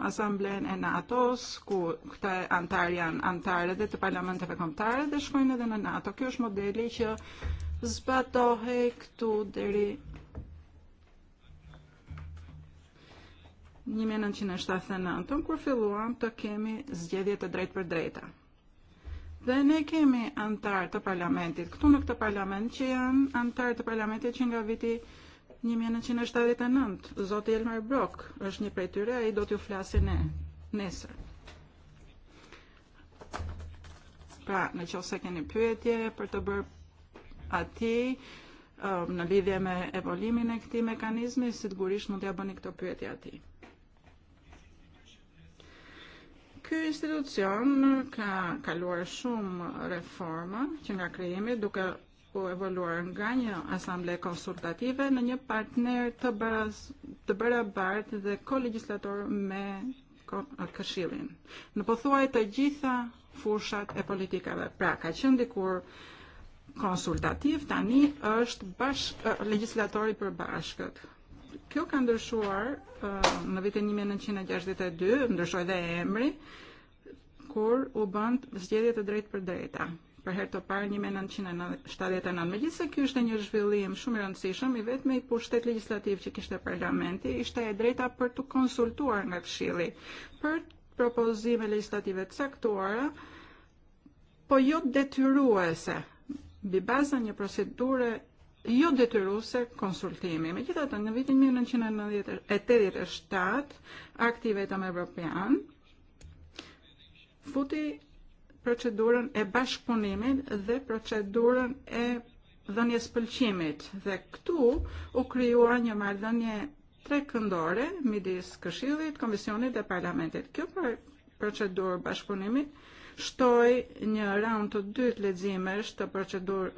asamblen e NATO-s, ku këta antar janë antarë dhe të parlamenteve kombëtare dhe shkojnë edhe në NATO. Kjo është modeli që zbatohej këtu deri 1979, kur filluam të kemi zgjedhje të drejtë për drejta. Dhe ne kemi antarë të parlamentit, këtu në këtë parlament që janë antarë të parlamentit që nga viti 1979, zoti Elmar Brok është një prej tyre, ai do t'ju flasë ne, nesër. Pra, në qoftë se keni pyetje për të bërë atij um, në lidhje me evolimin e këtij mekanizmi, sigurisht mund t'ja bëni këto pyetje atij. Ky institucion ka kaluar shumë reforma që nga krijimi duke u evoluar nga një asamble konsultative në një partner të, baraz, të barabart dhe kolegislator me këshillin. Në pothuaj të gjitha fushat e politikave. Pra, ka qenë dikur konsultativ, tani është bashk, legislatori për bashkët kjo ka ndryshuar uh, në vitin 1962, ndryshoi dhe emri, kur u bën zgjedhje të drejtë për drejta. Për herë të parë 1979, megjithëse ky ishte një zhvillim shumë i rëndësishëm, i i pushtet legjislativ që kishte parlamenti ishte e drejta për të konsultuar nga Këshilli për propozime legjislative të caktuara, po jo detyruese bi bazën një procedure jo detyruse konsultimi. Me gjitha të në vitin 1987, aktive të më Evropian, futi procedurën e bashkëpunimit e, dhe procedurën e dhënjes pëlqimit dhe këtu u kryua një mardhënje tre këndore, midis Këshillit, Komisionit dhe Parlamentit. Kjo për procedurë bashkëpunimit shtoj një raund të dytë ledzimesh të procedurë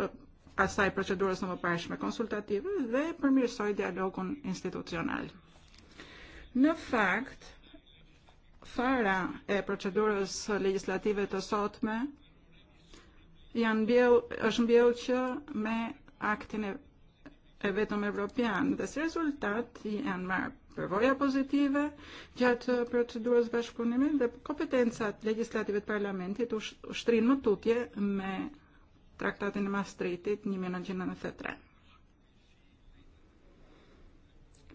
asaj procedurës në më përshme konsultative dhe përmirësoj dialogun institucional. Në no fakt, fara e procedurës legislative të sotme janë bjell, është mbjell që me aktin e, e vetëm evropian dhe si rezultat janë marë përvoja pozitive gjatë procedurës bashkëpunimit dhe kompetencat legislative të parlamentit u shtrinë no më tutje me Traktatin Maastrichtit nimenagina etc.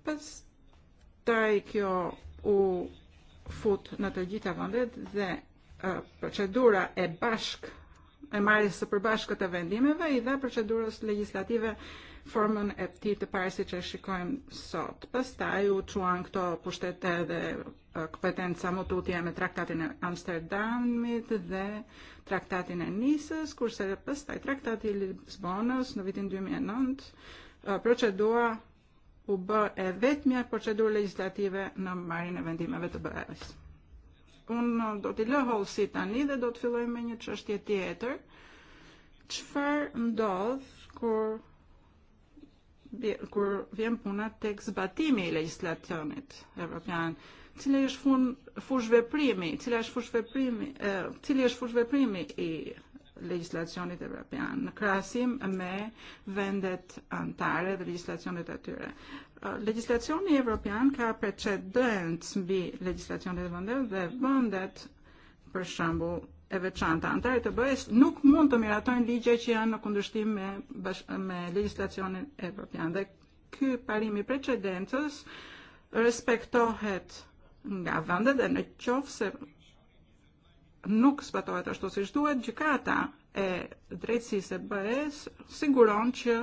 Pastaj kjo u fut në të gjitha vendet dhe uh, procedura e bashk e marrjes së përbashkët të vendimeve i dha procedurës legjislative formën e këtij të parë siç e shikojmë sot. Pastaj u quan këto pushtet edhe kompetenca më tutje me traktatin e Amsterdamit dhe traktatin e Nisës, kurse dhe pastaj traktati i Lisbonës në vitin 2009 uh, procedura u bë e vetëmja procedurë legislative në marrjen e vendimeve të be Unë uh, do t'i lë si tani dhe do të me një qështje tjetër. qëfar ndodhë kur kur vjen puna tek zbatimi i legislacionit evropian, cili është fun fushëveprimi, cili është e, cili është fushëveprimi i legislacionit evropian në krahasim me vendet antare dhe legjislacionet atyre. E e, legislacioni evropian ka precedent mbi legjislacionet e vendeve dhe vendet për shembull e veçanta. Antarët e BE-s nuk mund të miratojnë ligje që janë në kundërshtim me, bash, me legislacionin evropian. Dhe ky parimi i precedencës respektohet nga vendet dhe në qoftë se nuk zbatohet ashtu siç duhet, gjykata e drejtësisë e BE-s siguron që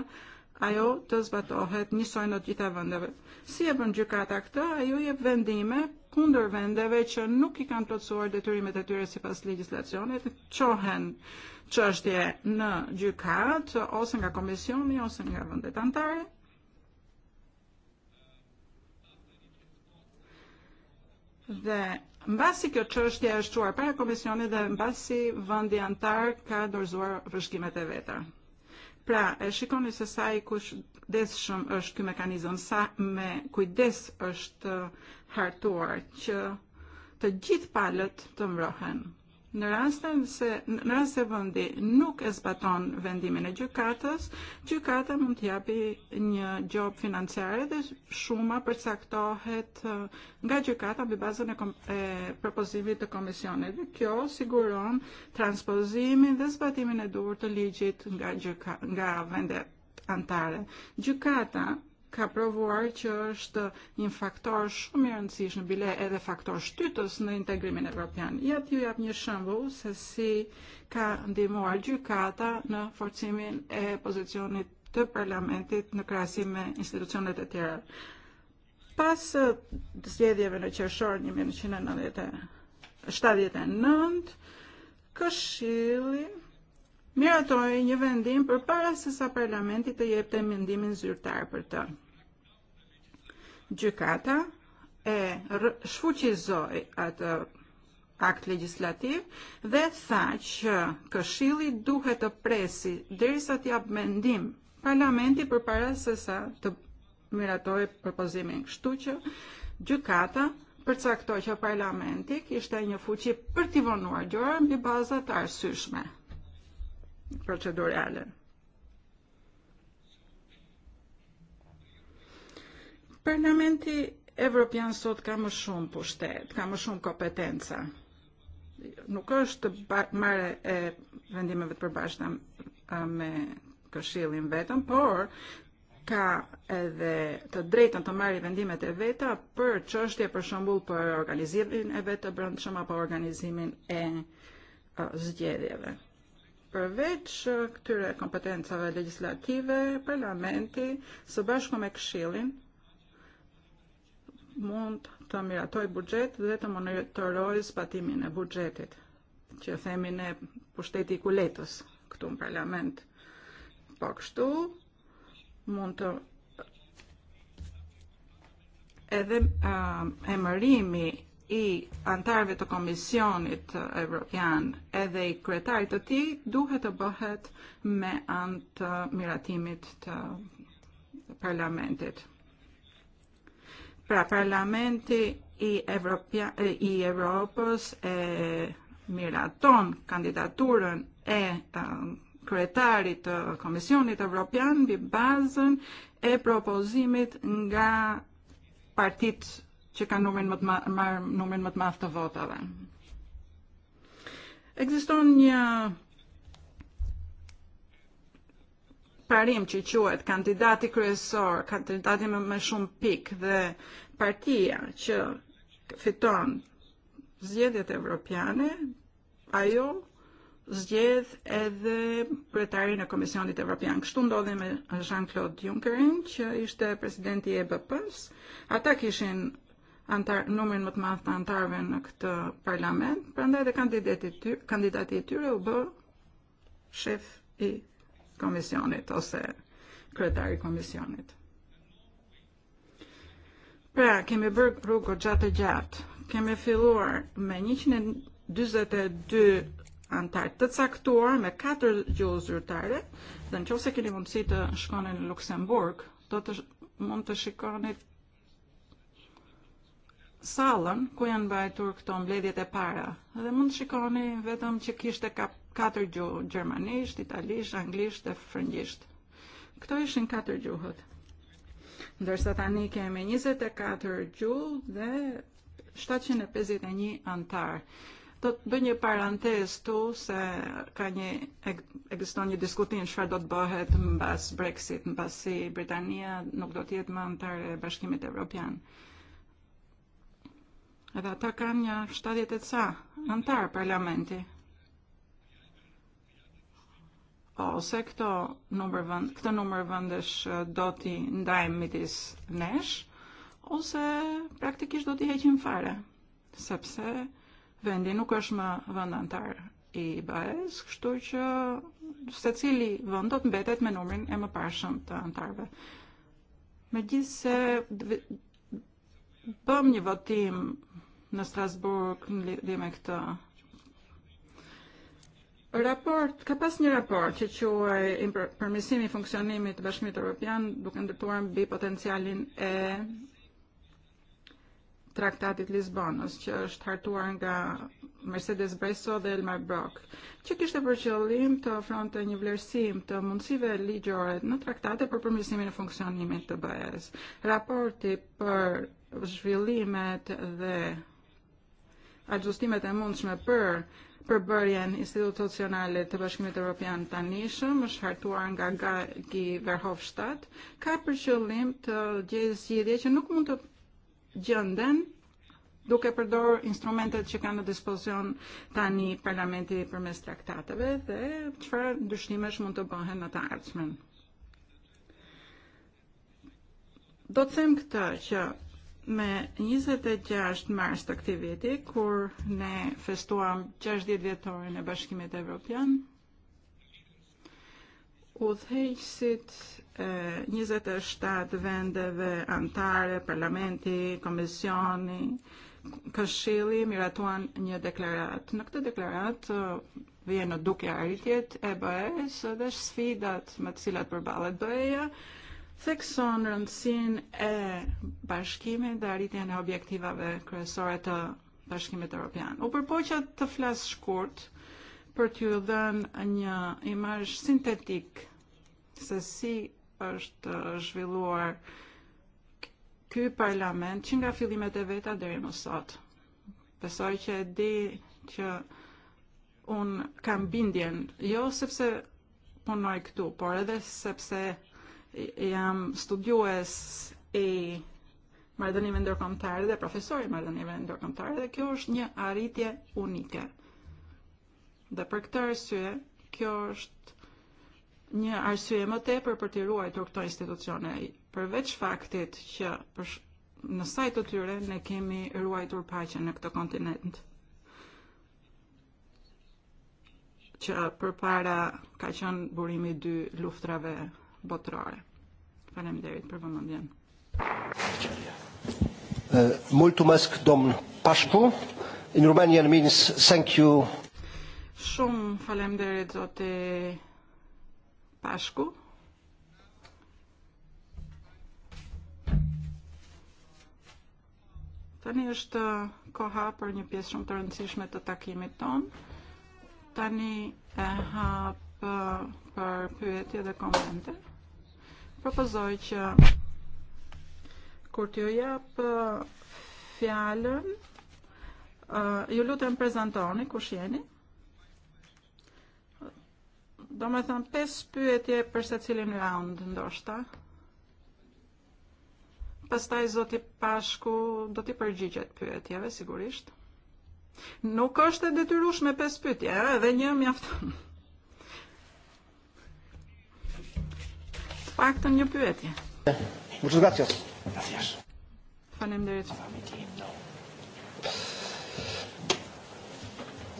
ajo të zbatohet njësoj në të gjitha vendeve. Si e bën gjykata këtë, ajo jep vendime kundër vendeve që nuk i kanë plotësuar detyrimet e tyre sipas legjislacionit, çohen çështje në gjykat ose nga komisioni ose nga vendet anëtare. Dhe mbasi kjo çështje është çuar para komisionit dhe mbasi vendi anëtar ka dorëzuar vëshkimet e veta. Pra, e shikoni se sa i kush desshëm është ky mekanizëm, sa me kujdes është har të që të gjithë palët të mbrohen. Në rastin se në rast se vendi nuk e zbaton vendimin e gjykatës, gjykata mund të japi një gjop financiare dhe shuma përcaktohet e, nga gjykata mbi bazën e, e propozimit të komisionit. Dhe kjo siguron transpozimin dhe zbatimin e duhur të ligjit nga gjyka, nga vendet antare. Gjykata ka provuar që është një faktor shumë i rëndësishëm, bile edhe faktor shtytës në integrimin evropian. Ja t'ju jap një shembull se si ka ndihmuar gjykata në forcimin e pozicionit të parlamentit në krahasim me institucionet e tjera. Pas zgjedhjeve në qershor 1979, Këshilli miratori e një vendim për para se sa parlamenti të jep të mendimin zyrtar për të. Gjykata e shfuqizoj atë akt legislativ dhe tha që këshilli duhet të presi derisa të jap mendim parlamenti për para se sa të miratoj e propozimin. Kështu që gjykata përcaktoi që parlamenti kishte një fuqi për të vonuar gjëra mbi baza të arsyeshme proceduri ellen. Parlamenti Evropian sot ka më shumë pushtet, ka më shumë kompetenca. Nuk është mare e vendimeve të përbashkëta me këshillin vetëm, por ka edhe të drejtën të marrë vendimet e veta për çështje për shembull për organizimin e vetë brendshëm apo organizimin e zgjedhjeve. Përveç këtyre kompetencave legislative, parlamenti së bashku me këshillin mund të miratoj bugjet dhe të monitoroj zbatimin e bugjetit, që themi ne pushteti i kuletës këtu në parlament. Po kështu mund të edhe uh, emërimi i antarëve të Komisionit Evropian edhe i kryetarit të tij duhet të bëhet me anë të uh, miratimit të uh, parlamentit. Pra parlamenti i, Evropia, e, i Evropës e miraton kandidaturën e kryetarit um, të Komisionit Evropian mbi bazën e propozimit nga partitë ce ca numim më të madh të votave. Ekziston një parim që quhet kandidati kryesor, kandidati me më shumë pikë dhe partia që fiton zgjedhjet evropiane, ajo zgjedh edhe kryetarin e Komisionit Evropian. Kështu ndodhi me Jean-Claude Junckerin, që ishte presidenti i EBP-s. Ata kishin antar, numrin më të madh të antarëve në këtë uh, parlament, prandaj edhe kandidati i tyre, kandidati i tyre u bë shef i komisionit ose kryetari i komisionit. Pra, kemi bërë rrugë gjatë e gjatë. Kemi filluar me 142 e antarë të caktuar me 4 gjuhë zyrtare, dhe në qofë keni mundësi të shkoni në Luksemburg, do të mund të shikoni sallën ku janë mbajtur këto mbledhjet e para. Dhe mund të shikoni vetëm që kishte ka, katër gjuhë, gjermanisht, italisht, anglisht dhe frëngjisht. Këto ishin katër gjuhët. Ndërsa tani kemi 24 gjuhë dhe 751 antar. Do të bëj një parantez tu se ka një ekziston një diskutim çfarë do të bëhet mbas Brexit, mbasi Britania nuk do të jetë më antar e Bashkimit Evropian. Uh, Edhe ata kanë një 70 sa antarë parlamenti. Ose këto numër vënd, këto numër vendesh uh, do t'i ndajmë mitis nesh, ose praktikisht do t'i heqim fare, sepse vendi nuk është më vend antar i BE-s, kështu që uh, se cili vënd do të mbetet me numërin e më pashëm të antarëve. se bëm një votim na Strasbourg, në lidhje me këtë. Raport, ka pas një raport që quaj përmësimi funksionimit të bashkimit Europian duke ndërtuar mbi potencialin e traktatit Lisbonës, që është hartuar nga Mercedes Bresso dhe Elmar Brock, që kishte për qëllim të ofronte një vlerësim të mundësive ligjore në traktate për përmirësimin e funksionimit të BE-s. Raporti për zhvillimet dhe aġġustimet e mundshme për përbërjen institucionale të Bashkimit Evropian tanishëm është hartuar nga Gagi Verhofstadt, ka për qëllim të gjejë që nuk mund të gjënden duke përdor instrumentet që kanë në dispozicion tani parlamenti përmes traktateve dhe çfarë ndryshimesh mund të bëhen në të ardhmen. Do të them këtë që Me 26 mars të këtij viti, kur ne festuam 60 vjetorin e Bashkimit Evropian, udhëheqësit e 27 vendeve antare, parlamenti, komisioni, këshili miratuan një deklarat. Në këtë deklarat e, vjen në duke arritjet e BE-s dhe sfidat me të cilat përballet BE-ja, 610e bashkime dhe arritjen e objektivave kryesore të bashkimit europian. U përpoqa të flas shkurt për t'ju dhënë një imazh sintetik se si është zhvilluar ky parlament që nga fillimet e veta deri më sot. Besoj që e di që un kam bindjen, jo sepse punoj këtu, por edhe sepse AM jam e i me ndërkombëtare dhe profesori i me ndërkombëtare dhe kjo është një arritje unike. Dhe për këtë arsye, kjo është një arsye më tepër për të ruajtur këto institucione, përveç faktit që për në sajt të tyre ne kemi ruajtur paqen në këtë kontinent. Që përpara ka qenë burimi i dy luftrave botërore. Faleminderit për vëmendjen. Uh, mulțumesc, Dom Pașcu. In Romanian means thank you. falem faleminderit zote Pașcu. Tani është koha për një pjesë shumë të rëndësishme të takimit tonë. Tani e eh, hap për pyetje dhe komente. Propozoj kur uh, t'ju jap uh, fjalën, ju uh, lutem prezentoni kush jeni. Do me thënë pes pyetje për se cilin round ndoshta. Pastaj zoti Pashku do t'i përgjigjet pyetjeve sigurisht. Nuk është e detyrush me pes pyetje, edhe një mjafton. Pakton një pyetje. Muchas gracias. Gracias. Faleminderit. No.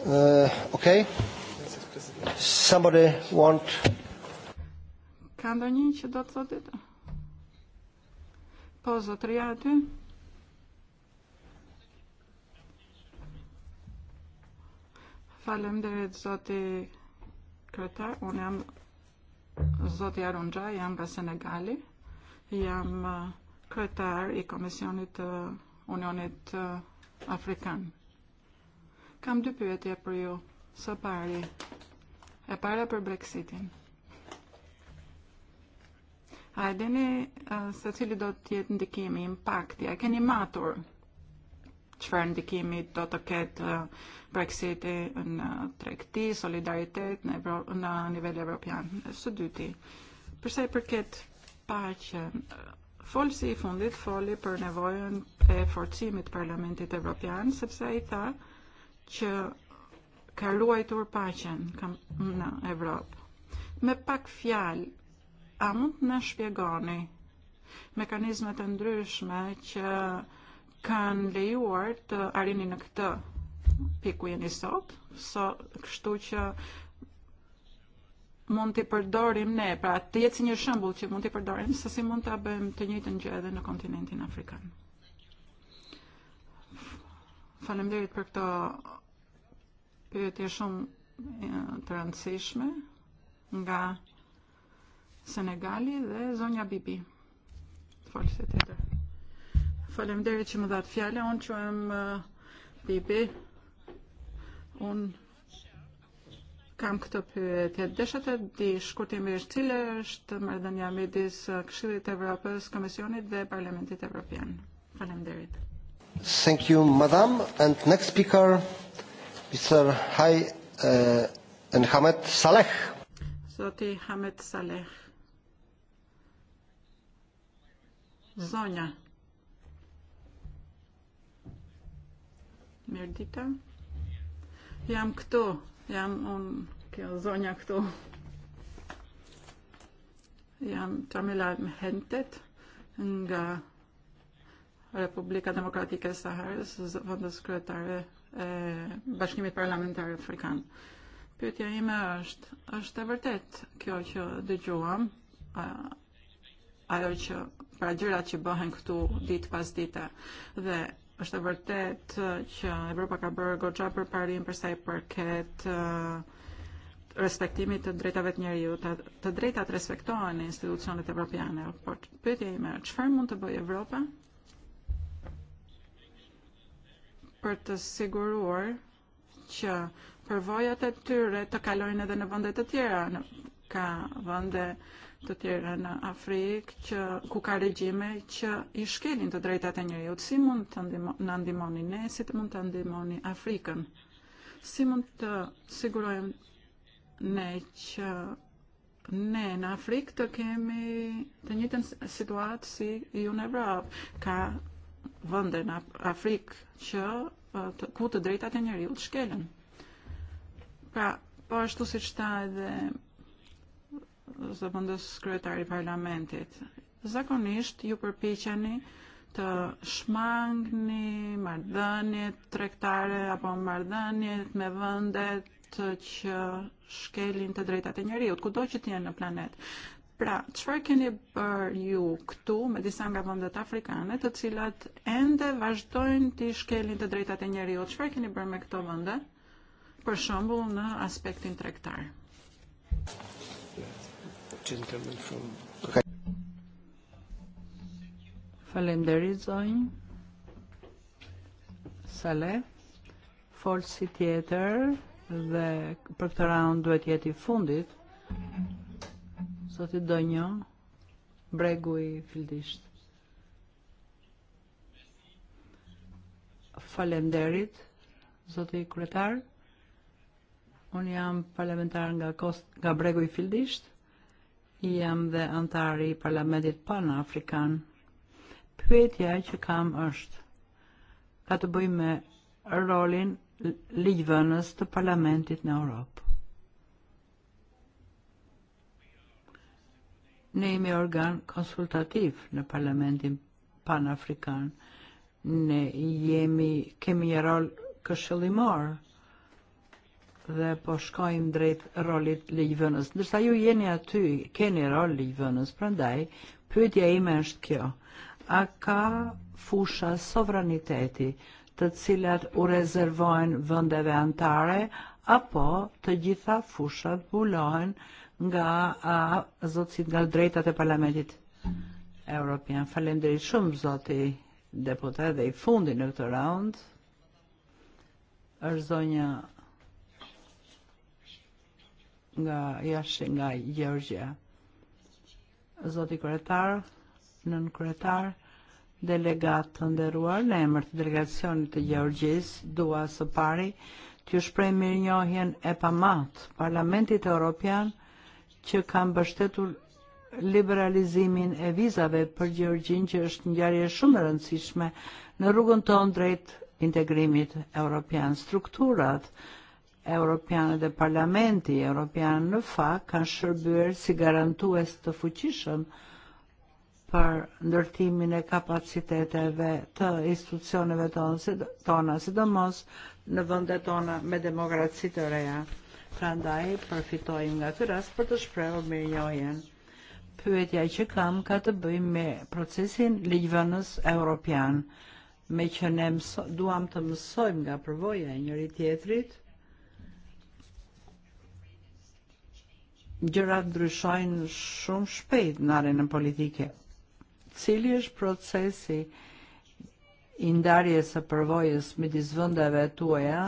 Uh, okay. Somebody want Ka ndonjë që do të thotë ti? Po zotëria aty. Faleminderit zoti kryetar. Unë jam zoti Arunġa, jam ga Senegali, jam kretar uh, i Komisjonit uh, Unionit uh, Afrikan. Kam dy pyetje për ju, së pari, e para për Brexitin. A e dini se cili do të jetë ndikimi, impakti, a keni matur qëfar ndikimi to të e, Brexit in në tregti, solidaritet na Evro, në nivel evropian. Së dyti, per se përket paqen, e, folësi i fundit foli për nevojën e forcimit Parlamentit Evropian, sepse ai tha që ka ruajtur kam, në Evropë. Me pak fjalë, a mund të na shpjegoni mekanizmet e ndryshme që kan Kanley Ward għalini eh, në këtë pikujeni sot, so, kështu që eh, mund t'i përdorim ne, pra të jetë si një shëmbull që mund t'i përdorim, se si mund t'a bëjmë të njëjtën gjë edhe në kontinentin afrikan. Falem dirit për këto pyetje shumë eh, të rëndësishme nga Senegali dhe Zonja Bibi. e të. Falë se tjetër. Faleminderit që më dhatë fjale, unë që emë Bibi, uh, unë kam këtë pyetje. Desha të di shkurtimisht cile është marrëdhënia midis Këshillit uh, të Evropës, Komisionit dhe Parlamentit Evropian. Faleminderit. Thank you, madam. And next speaker, Mr. Hai uh, and Hamed Saleh. Zoti Hamed Saleh. Zonja. Merdita. Mirdita. Jam këtu, jam unë kjo Kto. këtu. Jam Tamila Mhentet nga Republika Demokratika e Saharës, vendës kryetare e Bashkimit Parlamentar Afrikan. Pyetja ime është, është e vërtet kjo që dëgjuam, ajo që pra gjërat që bëhen këtu ditë pas dite dhe Është uh, uh, e vërtet që Evropa ka bërë goxha për parim përsa i përket respektimit të drejtave të njeriu, të, drejtat respektohen në institucionet evropiane, por pyetja ime, çfarë mund të bëjë Evropa për të siguruar që përvojat e tyre të kalojnë edhe në vende të tjera, ca vende të tjera në Afrikë që ku ka regjime që i shkelin të drejtat e njerëzit, si mund të na ndihmoni ne, si të mund të ndihmoni Afrikën? Si mund të sigurojmë ne që ne në Afrikë të kemi të njëjtën situatë si ju në Evropë? Ka vende në Afrikë që eh, të, ku të drejtat e njerëzit shkelen. Pra, po ashtu siç tha edhe zëvendës kryetari parlamentit. Zakonisht ju përpichani të shmangni mardhënjet trektare apo mardhënjet me vëndet të që shkelin të drejtat e njëriut, ku do që t'jenë në planet. Pra, qëfar keni bërë ju këtu me disa nga vëndet afrikanet të cilat ende vazhdojnë t'i shkelin të drejtat e njëriut? Qëfar keni bërë me këto vëndet? Për shembull në aspektin tregtar gentleman from... Okay. Falenderit zonjë. Sale. Forsi tjetër dhe për këtë round duhet jeti fundit. sotit do një bregu i fildisht. Falenderit, zoti Kretar Unë jam parlamentar nga, kost, nga bregu i fildisht jam dhe antari i Parlamentit Pan-Afrikan. Pyetja që kam është ka të bëjë me rolin ligjvënës të Parlamentit në Europë. Ne jemi organ konsultativ në Parlamentin Pan-Afrikan. Ne jemi, kemi një rol këshillimor dhe po shkojmë drejt rolit ligjvënës. Ndërsa ju jeni aty, keni rol ligjvënës, prandaj pyetja ime është kjo. A ka fusha sovraniteti të cilat u rezervojnë vëndeve antare, apo të gjitha fushat bulohen nga a, zotësit nga drejtat e parlamentit Europian. Falemderit shumë, zoti deputet dhe i fundi në këtë round, është zonja nga jashtë nga Gjorgjia. Zoti kryetar, nën kryetar, delegat të nderuar në emër të delegacionit të Gjeorgjisë, dua së pari t'ju shpreh mirënjohjen e pamat Parlamentit Evropian që ka mbështetur liberalizimin e vizave për Gjergjin që është ngjarje shumë e rëndësishme në rrugën tonë drejt integrimit evropian. Strukturat Europiane dhe Parlamenti Europian në fakt kanë shërbyer si garantues të fuqishëm për ndërtimin e kapaciteteve të institucioneve tona, si tona sidomos në vendet tona me demokraci të reja. Prandaj përfitojmë nga ky rast për të shprehur mirënjohjen. Pyetja që kam ka të bëjë me procesin ligjvënës europian, me që ne mëso, duam të mësojmë nga përvoja e njëri tjetrit gjërat ndryshojnë shumë shpejt në arenën politike. Cili është procesi i ndarjes së përvojës midis vendeve tuaja,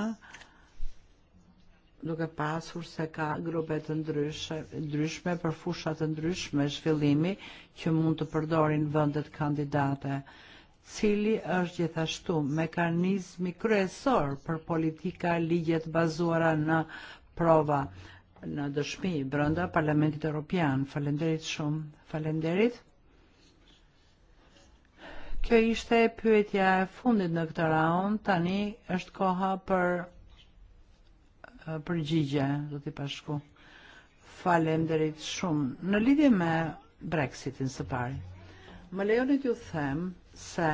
duke pasur se ka grupe të ndryshme, ndryshme për fusha të ndryshme zhvillimi që mund të përdorin vendet kandidate, cili është gjithashtu mekanizmi kryesor për politika ligjet bazuara në prova në dëshmi brenda Parlamentit Evropian. Falenderit shumë. Falenderit. Kjo ishte pyetja e fundit në këtë raund, tani është koha për e, përgjigje, do t'i pashku. Falenderit shumë. Në lidhje me Brexitin së pari, më lejoni t'ju them se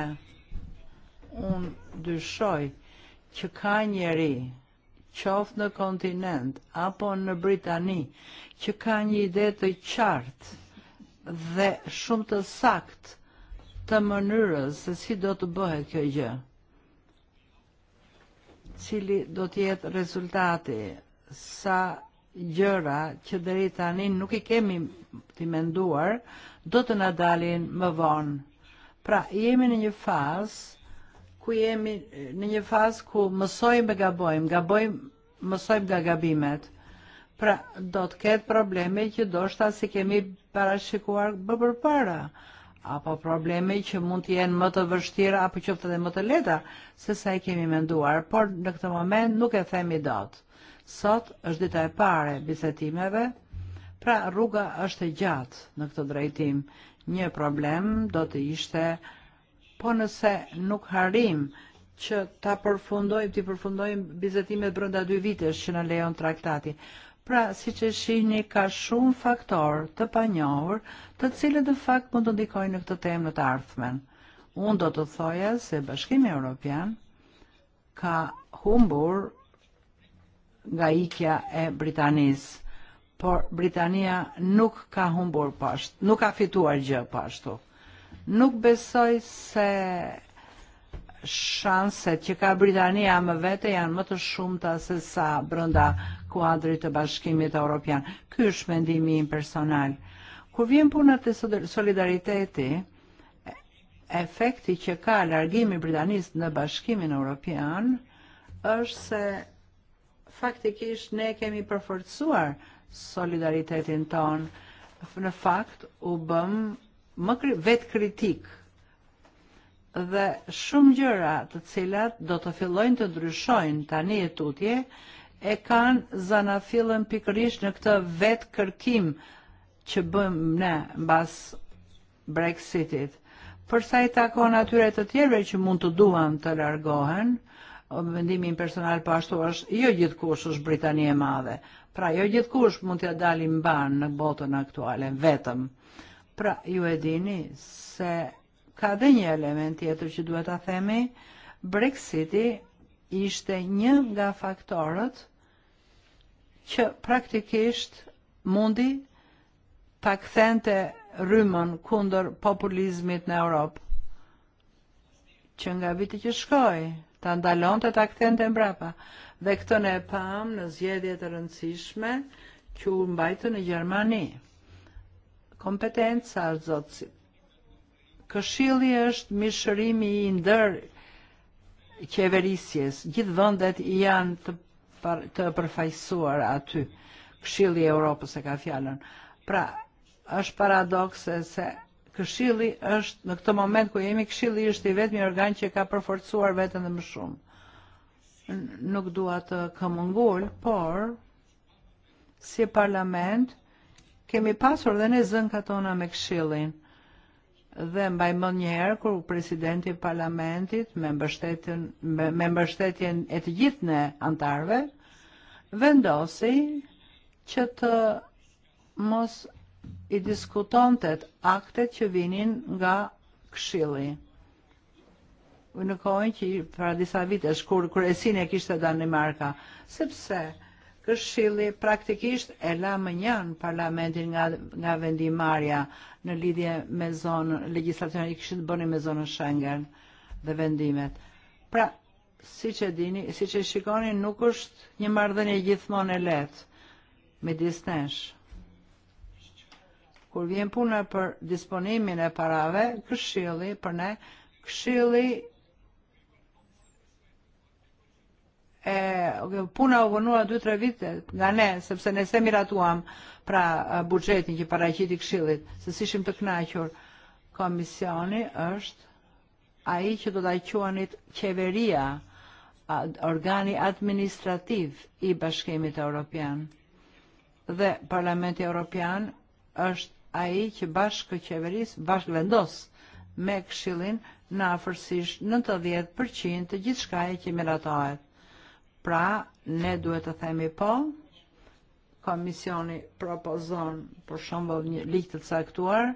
unë dyshoj që ka njeri qoftë në kontinent apo në Britani, që ka një ide të qartë dhe shumë të sakt të mënyrës se si do të bëhet kjo gjë. Cili do të jetë rezultati sa gjëra që deri tani nuk i kemi të menduar, do të na dalin më vonë. Pra, jemi në një fazë ku jemi në një fazë ku mësojmë e gabojmë, gabojmë, mësojmë nga gabimet. Pra, do të ketë probleme që do shta si kemi parashikuar bërë para, apo probleme që mund të jenë më të vështira, apo qoftë dhe më të leta, se sa i kemi menduar, por në këtë moment nuk e themi dot. Sot është dita e pare bisetimeve, pra rruga është e gjatë në këtë drejtim. Një problem do të ishte uh, po nëse nuk harim që ta përfundojmë, ti përfundojmë bizetimet brënda 2 vitesh që në lejon traktati. Pra, si që e shini, ka shumë faktor të panjohur, të cilët dhe fakt mund të ndikojnë në këtë temë në të ardhmen. Unë do të thoja se Bashkimi Europian ka humbur nga ikja e Britanisë, por Britania nuk ka humbur pashtë, nuk ka fituar gjë pashtu. Nuk besoj se shanset që ka Britania më vete janë më të shumta se sa brenda kuadrit të Bashkimit Evropian. Ky është mendimi im personal. Kur vjen puna te solidariteti, efekti që ka largimi i Britanisë në Bashkimin Evropian është se faktikisht ne kemi përforcuar solidaritetin ton. Në fakt u bëm më vetë kritik dhe shumë gjëra të cilat do të fillojnë të ndryshojnë tani e tutje e kanë zanafillën pikërisht në këtë vetë kërkim që bëmë ne mbas Brexitit. Përsa i takon atyre të tjerëve që mund të duan të largohen, vendimin personal po ashtu është, jo gjithkush është Britania e madhe. Pra jo gjithkush mund t'ja dalim ban në botën aktuale, vetëm. Pra ju e dini se ka dhe një element tjetër që duhet ta themi, Brexiti ishte një nga faktorët që praktikisht mundi ta kthente rrymën kundër populizmit në Europë që nga viti që shkoi ta ndalonte ta kthente mbrapa. Dhe këtë ne e pam në zgjedhje të rëndësishme që u mbajtën në Gjermani kompetencar zotësit. Këshili është mishërimi i ndër qeverisjes. Gjithë vendet janë të, par, të përfaqësuar aty. këshili i Evropës e ka fjallën. Pra, është paradoxe se këshili është në këtë moment ku jemi këshili është i vetëmi organ që ka përforcuar vetën dhe më shumë. nuk dua të këmungull, por si parlament kemi pasur dhe ne zënkat katona me këshillin dhe mbaj më njëherë kur presidenti parlamentit me mbështetjen me, me mbështetjen e të gjithë ne antarve, vendosi që të mos i diskuton të aktet që vinin nga këshilli. Në kohën që pra disa vitesh kur kryesin e kishte Danimarka, sepse këshilli praktikisht e la më njën parlamentin nga, nga vendimarja në lidhje me zonë, legislacionë i e këshilë bëni me zonë Schengen dhe vendimet. Pra, si që e dini, si që e shikoni, nuk është një mardhënje gjithmonë e letë, me disnesh. Kur vjen puna për disponimin e parave, këshilli për ne, këshilli puna u vënua 2-3 vite nga ne, sepse ne se miratuam pra buxhetin që paraqiti këshillit, se si shim të knaqur, Komisioni është a i që do ta quanit qeveria, organi administrativ i Bashkimit e Europian. Dhe Parlamenti Europian është a i që bashkë qeveris, bashkë vendos me këshillin në afërsisht 90% të gjithë shkaj që miratohet Pra, ne duhet të themi po, komisioni propozon për shembull një ligj të caktuar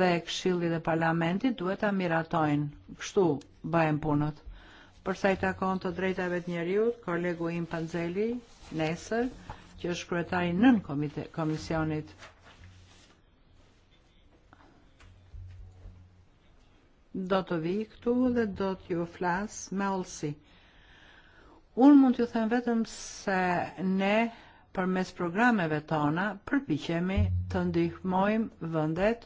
dhe Këshilli dhe Parlamenti duhet të miratojnë. Kështu bëhen punët. Përsa i takon të drejtave të njeriut, kolegu im Panzeli nesër, që është kryetari nën komite, komisionit do të vi këtu dhe do t'ju flas me olësi. Unë mund t'ju them vetëm se ne për mes programeve tona përpichemi të ndihmojmë vëndet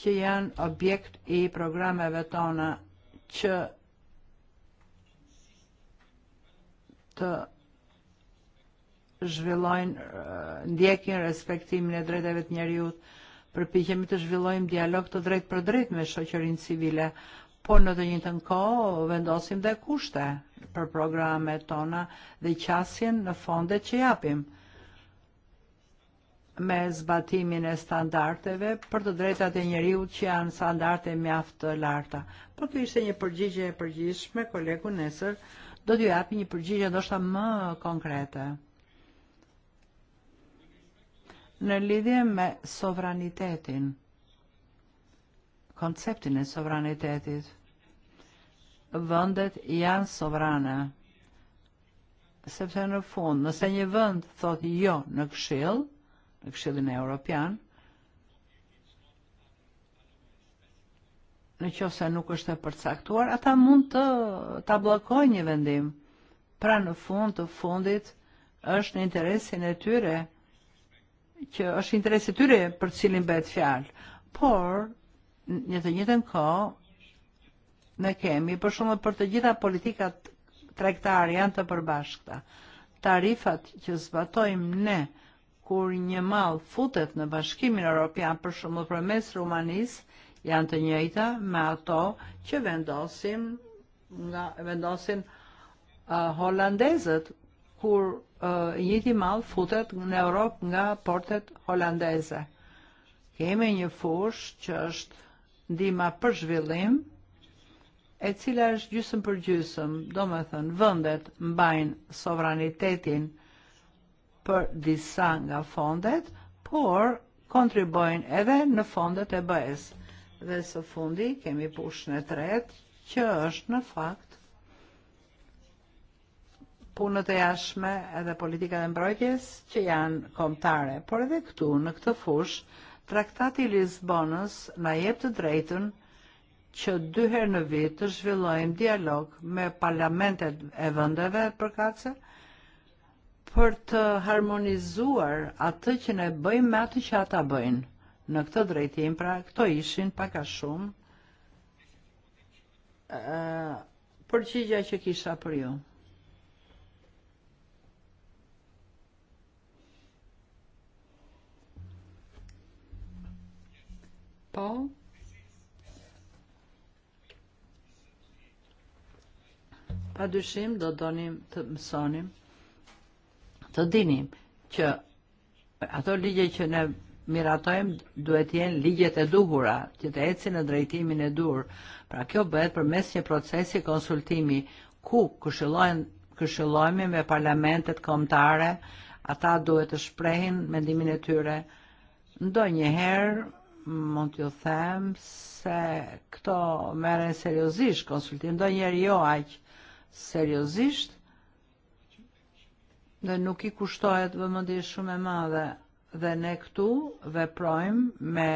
që janë objekt i programeve tona që të zhvillojnë eh, ndjekin respektimin e drejtave të njeriut, përpiqemi të zhvillojmë dialog të drejtë për drejtë me shoqërinë civile por në të një të nko, vendosim dhe kushte për programe tona dhe qasjen në fonde që japim me zbatimin e standarteve për të drejtat e njeriu që janë standarte mjaft të larta. Por kjo ishte një përgjigje e përgjishme, kolegu nesër do t'ju japi një përgjigje ndoshta më konkrete. Në lidhje me sovranitetin, konceptin e sovranitetit, vëndet janë sovrane. Sepse në fund, nëse një vënd thot jo në këshill, në këshillin e Europian, në qofë se nuk është e përcaktuar, ata mund të ta bllokojnë një vendim. Pra në fund të fundit është në interesin e tyre që është interesi tyre për cilin bëhet fjalë. Por një të njëtën kohë ne kemi, për shumë për të gjitha politikat tregtar janë të përbashkëta. Tarifat që zbatojmë ne kur një malë futet në Bashkimin Europian për shumë për mes Rumanis, janë të njëjta me ato që vendosin nga vendosin uh, holandezët kur uh, njëti malë futet në Europë nga portet holandeze. Kemi një fush që është ndima për zhvillim e cila është gjysëm për gjysëm, do me thënë, vëndet mbajnë sovranitetin për disa nga fondet, por kontribojnë edhe në fondet e bëhes. Dhe së fundi kemi pushën e tretë, që është në fakt punët e jashme edhe politika e mbrojtjes që janë komtare. Por edhe këtu, në këtë fush, traktati Lisbonës na jep të drejtën që dy herë në vit të zhvillojmë dialog me parlamentet e vendeve përkatëse për të harmonizuar atë që ne bëjmë me atë që ata bëjnë në këtë drejtim, pra këto ishin pak a shumë uh, përgjigja që kisha për ju. Po, pa dyshim do donim të mësonim, të dinim që ato ligje që ne miratojmë duhet jenë ligjet e duhura, që të eci në drejtimin e dur. Pra kjo bëhet për mes një procesi konsultimi ku këshillojmë me parlamentet komtare, ata duhet të shprehin mendimin e tyre. Ndo njëherë, mund t'ju them se këto meren seriosisht konsultim, do njerë jo aqë seriozisht dhe nuk i kushtohet vëmëndi shumë e madhe dhe ne këtu veprojmë me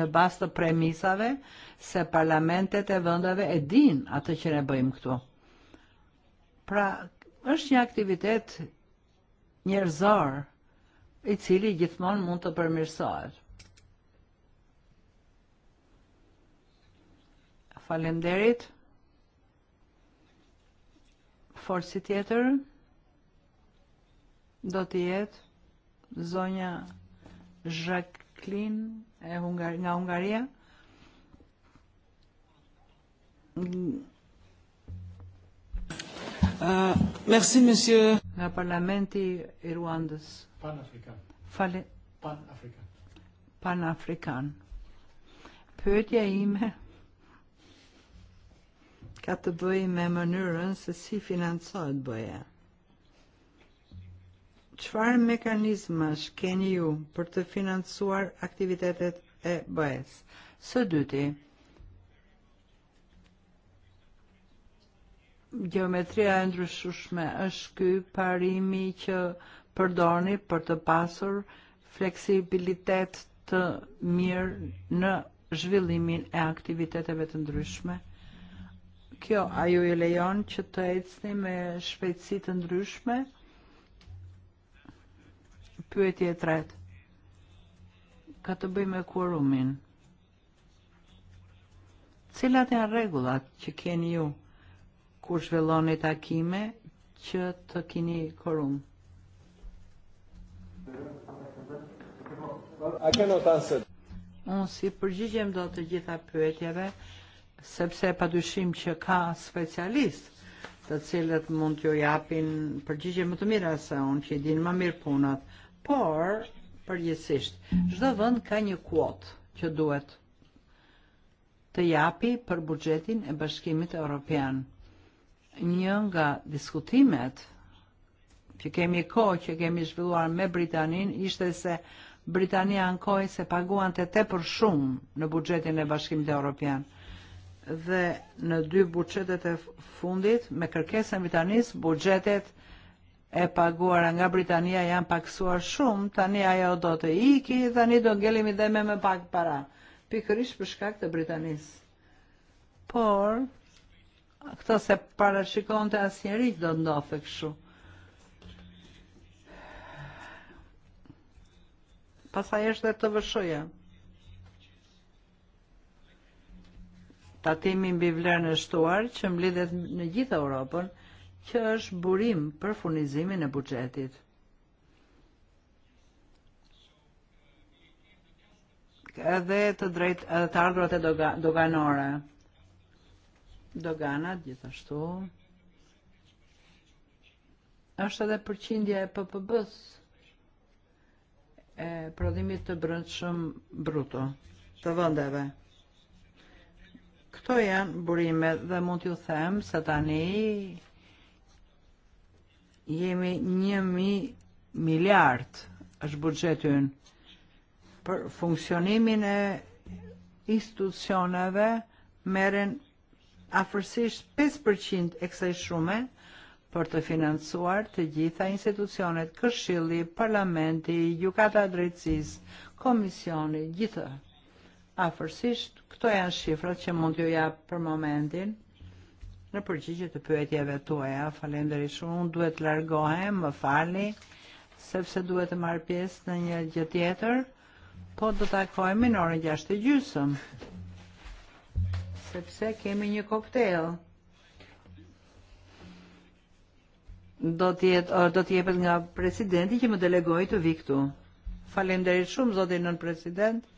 në bas të premisave se parlamentet e vëndave e din atë që ne bëjmë këtu. Pra, është një aktivitet njerëzor i cili gjithmonë mund të përmirësohet. Falemderit. Forsi tjetër do të jetë zonja Jacqueline e Hungar nga Hungaria. Uh, merci, monsieur. Nga parlamenti i e Ruandës. Pan-Afrikan. Fale. Pan-Afrikan. Pan-Afrikan. Pyetja ime ka të bëj me mënyrën se si financohet bëja. Qfar mekanizmash keni ju për të financuar aktivitetet e bëjës? Së dyti, geometria e ndryshushme është ky parimi që përdoni për të pasur fleksibilitet të mirë në zhvillimin e aktiviteteve të ndryshme? kjo ajo i lejon që të ecni me shpejtësi të ndryshme? Pyetje e tretë. Ka të bëjë me kuorumin. Cilat janë rregullat që keni ju kur zhvilloni takime që të keni korum? Unë si përgjigjem do të gjitha pyetjeve, sepse e pa dyshim që ka specialist të cilët mund t'ju japin përgjigje më të mira se unë që i din më mirë punat, por përgjithsisht çdo vend ka një kuotë që duhet të japi për buxhetin e Bashkimit e Europian. Një nga diskutimet që kemi ko që kemi zhvilluar me Britanin ishte se Britania në kojë se paguan të te për shumë në buxhetin e Bashkimit Evropian. Evropian dhe në dy buxhetet e fundit me kërkesën e Britanisë buxhetet e paguara nga Britania janë paksuar shumë, tani ajo do të iki, tani do ngelemi dhe me më pak para, pikërisht për shkak të Britanis. Por këto se parashikon të njëri do të ndodhte këshu. Pasaj është dhe të vëshuja. tatimi mbi vlerën e shtuar që mblidhet në gjithë Europën, që është burim për furnizimin e buxhetit. Edhe të drejt edhe të ardhurat e doga, doganore. Doganat gjithashtu është edhe përqindja e PPB-s e prodhimit të brendshëm bruto të vendeve. Këto janë burimet dhe mund t'ju them se tani jemi njëmi miliard është bugjetin për funksionimin e institucioneve meren afërsisht 5% e kësaj shume për të financuar të gjitha institucionet, këshilli, parlamenti, jukata drejtsis, komisioni, gjithë afërsisht, këto janë shifrat që mund t'ju jap për momentin në përgjigje të pyetjeve tuaja. Faleminderit shumë. Unë duhet të largohem, më falni, sepse duhet të marr pjesë në një gjë tjetër, po do të takohemi në orën 6 të gjysëm, Sepse kemi një koktel. Do të jetë do të jepet nga presidenti që më delegoi të vi këtu. Faleminderit shumë zotin nën president.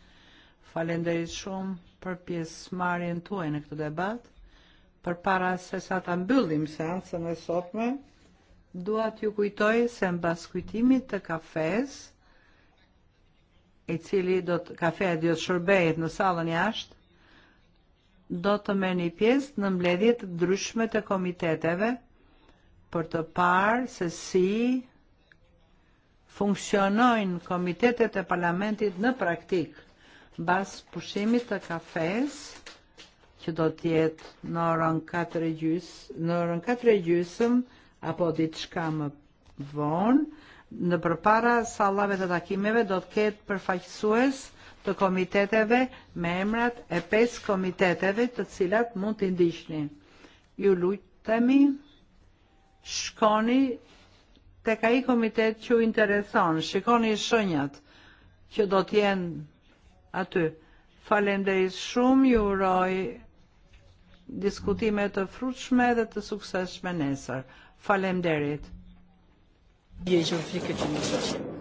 Falenderit shumë për pjesë marjen tuaj në këtë debat. Për para se sa të mbyllim seancën e sotme, dua t'ju kujtoj se mbas kujtimit të kafes, i cili do të kafeja do të shërbehet në salën jashtë, do të merrni pjesë në mbledhjet të ndryshme të komiteteve për të parë se si funksionojnë komitetet e parlamentit në praktikë Bas pushimit të kafes që do tjetë në orën 4 e gjysëm apo ditë shka më vonë, në përpara salave të takimeve do të ketë përfaqësues të komiteteve me emrat e 5 komiteteve të cilat mund të ndiqni. Ju lutemi shkoni të ka i komitet që u intereson, shikoni shënjat që do t'jenë aty. Falemderit shumë, ju uroj diskutime të frutshme dhe të sukseshme nesër. Falemderit. Je, je, je, je, je, je,